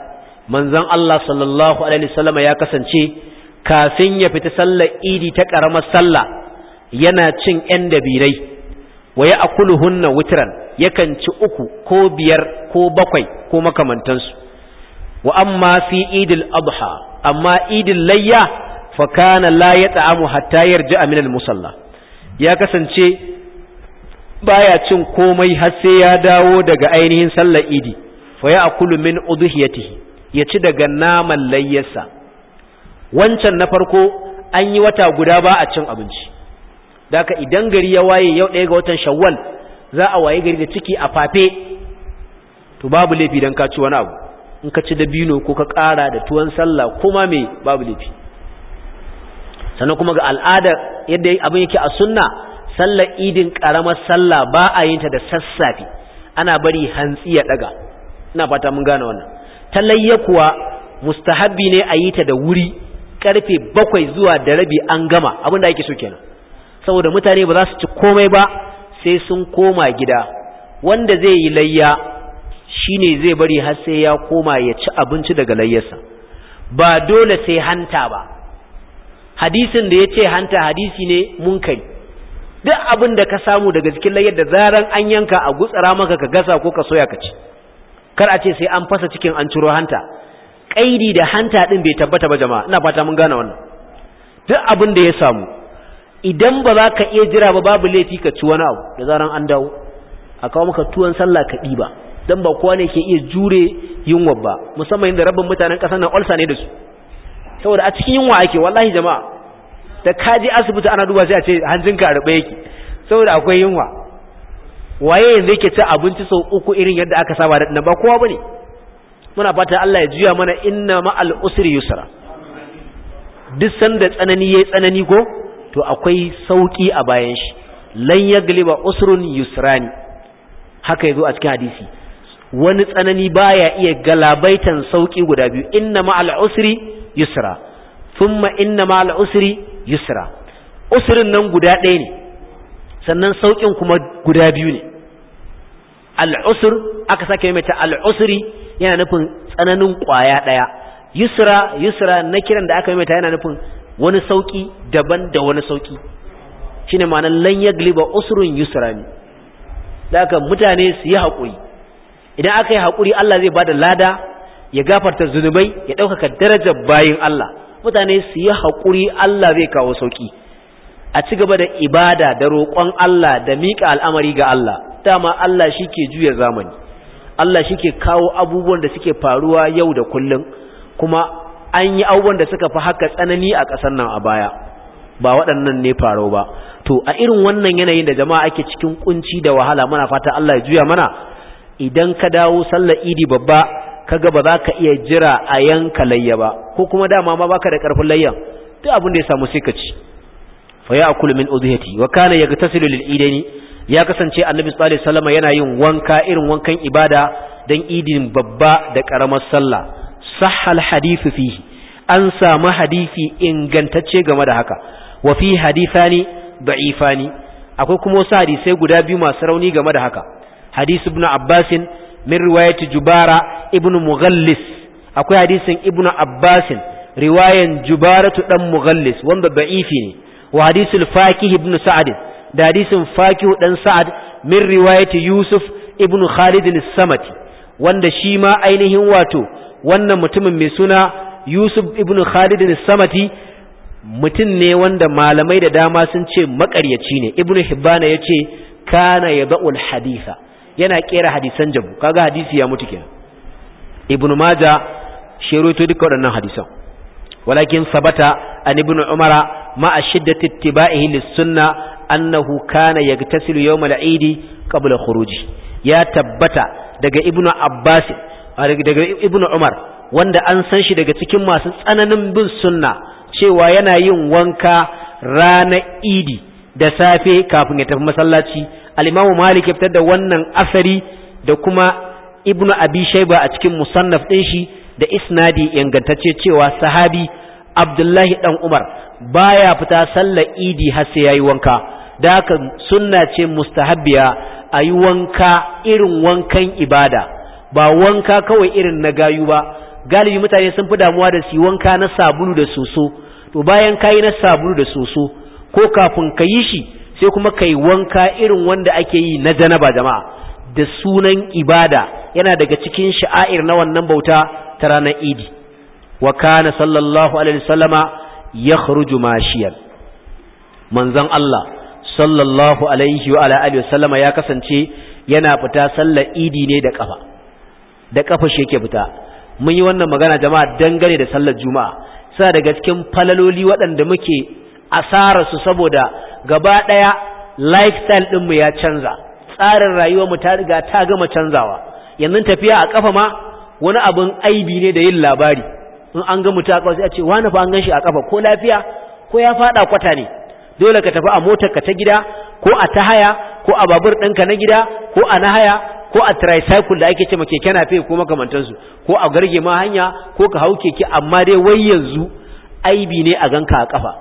manzon Allah sallallahu alaihi wasallam ya kasance kafin ya fita sallar idi ta karamar sallah yana cin yan dabirai wa ya akuluhunna witran yakan ci uku ko biyar ko bakwai ko makamantansu wa amma fi idil adha amma idil layya fa kana la yata'amu hatta yarji'a min al-musalla ya kasance baya cin komai har sai ya dawo daga ainihin sallar idi wa a min udhiyatihi ya ci daga naman layyarsa wancan na farko an yi wata guda ba a cin abinci daka idan gari ya waye yau ɗaya ga watan shawwal za a waye gari da ciki a fafe to babu laifi dan ka ci wani abu in ka ci dabino ko ka ƙara da tuwon sallah kuma me babu laifi sannan kuma ga al'ada yadda abin yake a sunna sallar idin ƙaramar sallah ba a yinta da sassafe ana bari hantsi ya ɗaga ina fata mun gane wannan talayya kuwa mustahabbi ne a yi ta da wuri karfe bakwai zuwa da rabi an gama abin da ake so kenan saboda mutane ba za su ci komai ba sai sun koma gida wanda zai yi layya shine zai bari har sai ya koma ya ci abinci daga layyarsa ba dole sai hanta ba hadisin da ya ce hanta hadisi ne munkari duk abin da ka samu daga cikin layyar da zaran an yanka a gutsara maka ka gasa ko ka soya ka ci kar a ce sai an fasa cikin an ciro hanta kaidi da hanta din bai tabbata ba jama'a ina fata mun gane wannan duk abin da ya samu idan ba za ka iya jira ba babu laifi ka ci wani abu da zaran an dawo a kawo maka tuwon sallah ka ɗiba don ba kowa ne ke iya jure yunwa ba musamman inda rabin mutanen ƙasar nan olsa ne da su saboda a cikin yunwa ake wallahi jama'a da kaji asibiti ana duba sai a ce hanjinka a rubaye yake saboda akwai yunwa waye yanzu yake ci abinci sau uku irin yadda aka saba da ba kowa bane muna fata Allah ya juya mana inna ma al usri yusra duk sanda tsanani yayi tsanani ko to akwai sauki a bayan shi lan yagliba usrun yusran haka yazo a cikin hadisi wani tsanani baya iya galabaitan sauki guda biyu inna ma al usri yusra thumma inna ma al usri yusra usrin nan guda ɗaya ne sannan saukin kuma guda biyu ne al'usr aka sake mai ta al'usri yana nufin tsananin ƙwaya ɗaya. yusra yusra na kiran da aka mai ta yana nufin wani sauƙi daban da wani sauki shine ma'anar lan yagliba usurin yusra ne Da aka mutane su yi haƙuri idan aka yi haƙuri Allah zai ba da lada ya gafarta zunubai ya ɗaukaka darajar bayin Allah mutane su yi haƙuri Allah zai kawo sauƙi. a ci gaba da ibada da roƙon Allah da miƙa al'amari ga Allah dama Allah shi ke juya zamani Allah shi ke kawo abubuwan da suke faruwa yau da kullum kuma an yi abubuwan da suka fi haka tsanani a ƙasar nan a baya ba waɗannan ne faro ba to a irin wannan yanayin da jama'a ake cikin kunci da wahala mana fata Allah ya juya mana idan ka dawo sallar idi babba kaga ba za ka iya jira a yanka layya ba ko kuma dama ma baka da ƙarfin layyan duk abin da ya samu sai ka ci fa ya'kulu min udhiyati wa kana yaghtasilu lil idaini ya kasance annabi sallallahu alaihi wasallam yana yin wanka irin wankan ibada dan idin babba da karamar sallah sahhal hadithu fihi an samu hadisi ingantacce game da haka wa fi hadithani da'ifani akwai kuma wasu hadisai guda biyu masu rauni game da haka hadisi ibn abbasin min riwayati jubara ibn mughallis akwai hadisin ibn abbasin riwayan jubaratu dan mughallis wanda da'ifi ne wa hadisul faqih ibn sa'ad da hadisin faqih dan sa'ad min riwayati yusuf ibn khalid al-samati wanda shi ma ainihin wato wannan mutumin mai suna yusuf ibn khalid al-samati mutum ne wanda malamai da dama sun ce makaryaci ne ibn hibbana yace kana yabul haditha yana kera hadisan jabu kaga hadisi ya mutu kenan ibn majah sheroto duka waɗannan hadisan walakin sabata an ibn umara ma'a shiddati ittiba'ihi lis-sunna annahu kana yagtasilu yawmal 'idi qabla kuruji. ya tabbata daga ibnu abbas daga ibnu umar wanda an san shi daga cikin masu tsananin bin sunna cewa yana yin wanka ranar idi da safe kafin ya tafi masallaci Alimamu imamu malik ya fitar da wannan asari da kuma ibnu abi shayba a cikin musannaf ɗin shi da isnadi ingantacce cewa sahabi abdullahi dan umar baya fita sallar idi har sai yayi wanka da haka sunna ce mustahabbiya ayi wanka irin wankan ibada ba wanka kawai irin na gayu ba galibi mutane sun fi damuwa da su wanka na sabulu da soso to bayan kayi na sabulu da soso ko kafin ka yi shi sai kuma kai wanka irin wanda ake yi na janaba jama'a da sunan ibada yana daga cikin sha'air na wannan bauta ta ranar idi wa kana sallallahu alaihi wasallama yakhruju mashiyar manzon Allah sallallahu alaihi wa ala wasallama ya kasance yana fita sallar idi ne da kafa da kafa shi yake fita mun yi wannan magana jama'a dangane da sallar juma'a sa daga cikin falaloli waɗanda muke asara su saboda gaba ɗaya lifestyle ɗinmu ya canza tsarin rayuwar mu ta riga ta gama canzawa yanzu tafiya a kafa ma wani abun aibi ne da yin labari in an ga mutu a kawai sai a ce wani fa an gan shi a ƙafa ko lafiya ko ya faɗa kwata ne dole ka tafi a motar ka ta gida ko a ta haya ko a babur ɗinka na gida ko a na haya ko a tricycle da ake ce ma keke nafe ko makamantansu ko a garge ma hanya ko ka hau keke amma dai wai yanzu aibi ne a ganka a ƙafa.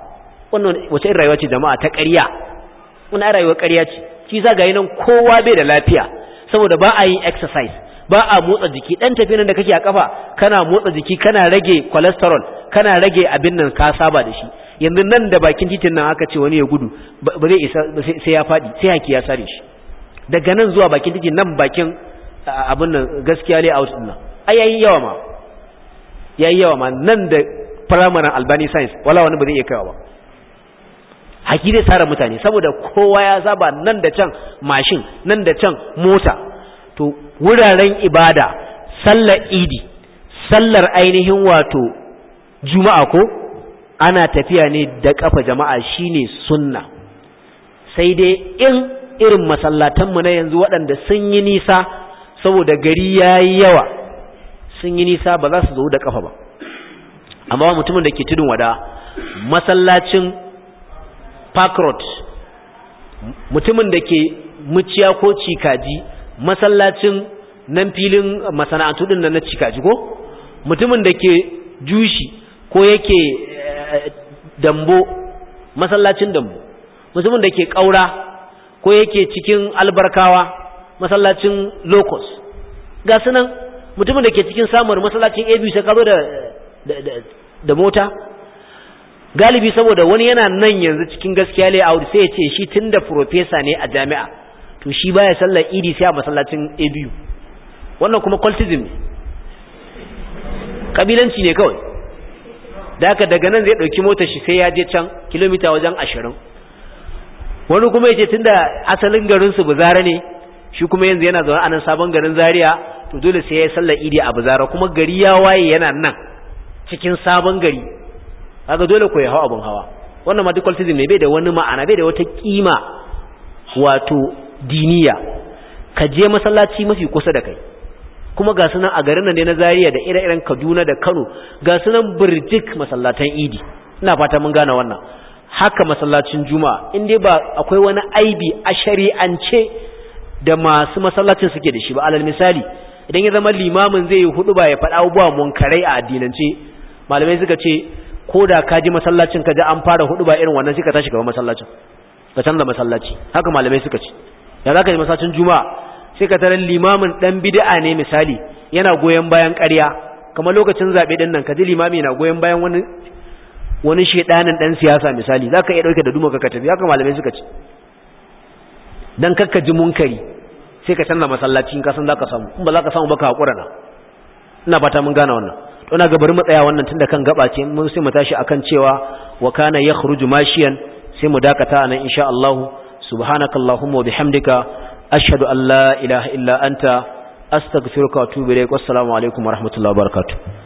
wannan wace irin rayuwa ce jama'a ta ƙarya wannan rayuwar ƙarya ce shi za ga nan kowa bai da lafiya saboda ba a yin exercise ba a motsa jiki dan tafiyan nan da kake a kafa kana motsa jiki kana rage cholesterol kana rage abin nan ka saba da shi yanzu nan da bakin titin nan aka ce wani ya gudu ba zai isa sai ya fadi sai haki ya sare shi daga nan zuwa bakin titin nan bakin abin nan gaskiya layout din nan ai yayi yawa ma yayi yawa ma nan da primary albani science wala wani ba zai iya kaiwa ba haki zai sare mutane saboda kowa ya saba nan da can mashin nan da can mota to wuraren ibada sallar idi sallar ainihin wato juma'a ko ana tafiya ne da kafa jama'a shine sunna sai dai in irin masallatanmu na yanzu waɗanda sun yi nisa saboda gari ya yi yawa sun yi nisa ba za su zo da kafa ba amma mutumin da ke tudun wada masallacin park mutumin da ke muciya ko cikaji masallacin nan filin masana'antu din nan na cikaji ko mutumin da ke jushi ko yake eh, dambo masallacin dambo mutumin da ke ƙaura ko yake cikin albarkawa masallacin locus ga sunan mutumin da ke cikin samun masallacin abu sai karo da da mota galibi saboda wani yana nan yanzu cikin gaskiya audi sai ya ce shi tun da profesa ne a jami'a to shi baya sallar idi sai a masallacin abu wannan kuma cultism ne kabilanci ne kawai da aka daga nan zai ɗauki motar shi sai ya je can kilomita wajen ashirin wani kuma ya tunda tun da asalin garinsu buzara ne shi kuma yanzu yana zaune a nan sabon garin zaria to dole sai ya yi sallar idi a buzara kuma gari ya waye yana nan cikin sabon gari kaga dole ko ya hau abin hawa wannan ma duk cultism ne bai da wani ma'ana bai da wata kima wato diniya ka je masallaci mafi kusa da kai kuma ga sunan a garin nan ne na zariya da ire-iren Kaduna da Kano ga sunan birjik masallatan Idi ina fata mun gane wannan haka masallacin Juma'a in dai ba akwai wani aibi a shari'ance da masu masallacin suke da shi ba alal misali idan ya zama limamin zai yi hudu ba ya faɗa abubuwa munkarai a addinance malamai suka ce ko da ka ji masallacin ka ji an fara hudu ba irin wannan suka tashi gaba masallacin ka canza masallaci haka malamai suka ce da za ka ji masacin juma'a sai ka tarin limamin ɗan bid'a ne misali yana goyon bayan ƙarya kamar lokacin zaɓe ɗin nan ka ji limami na goyon bayan wani wani shedanin ɗan siyasa misali za ka iya ɗauke da duma ka tafi haka malamai suka ci. don kakka ji munkari sai ka canza masallacin kasan za ka samu in ba za ka samu ba ka haƙura na ina fata mun gane wannan to na gabar matsaya wannan tun da kan gaba ce mun sai mu tashi akan cewa wa kana yakhruju mashiyan sai mu dakata anan insha Allah subhanakallahumma wa bihamdika ashhadu an la ilaha illa anta astaghfiruka wa atubu ilaik wassalamu alaikum warahmatullahi wabarakatuh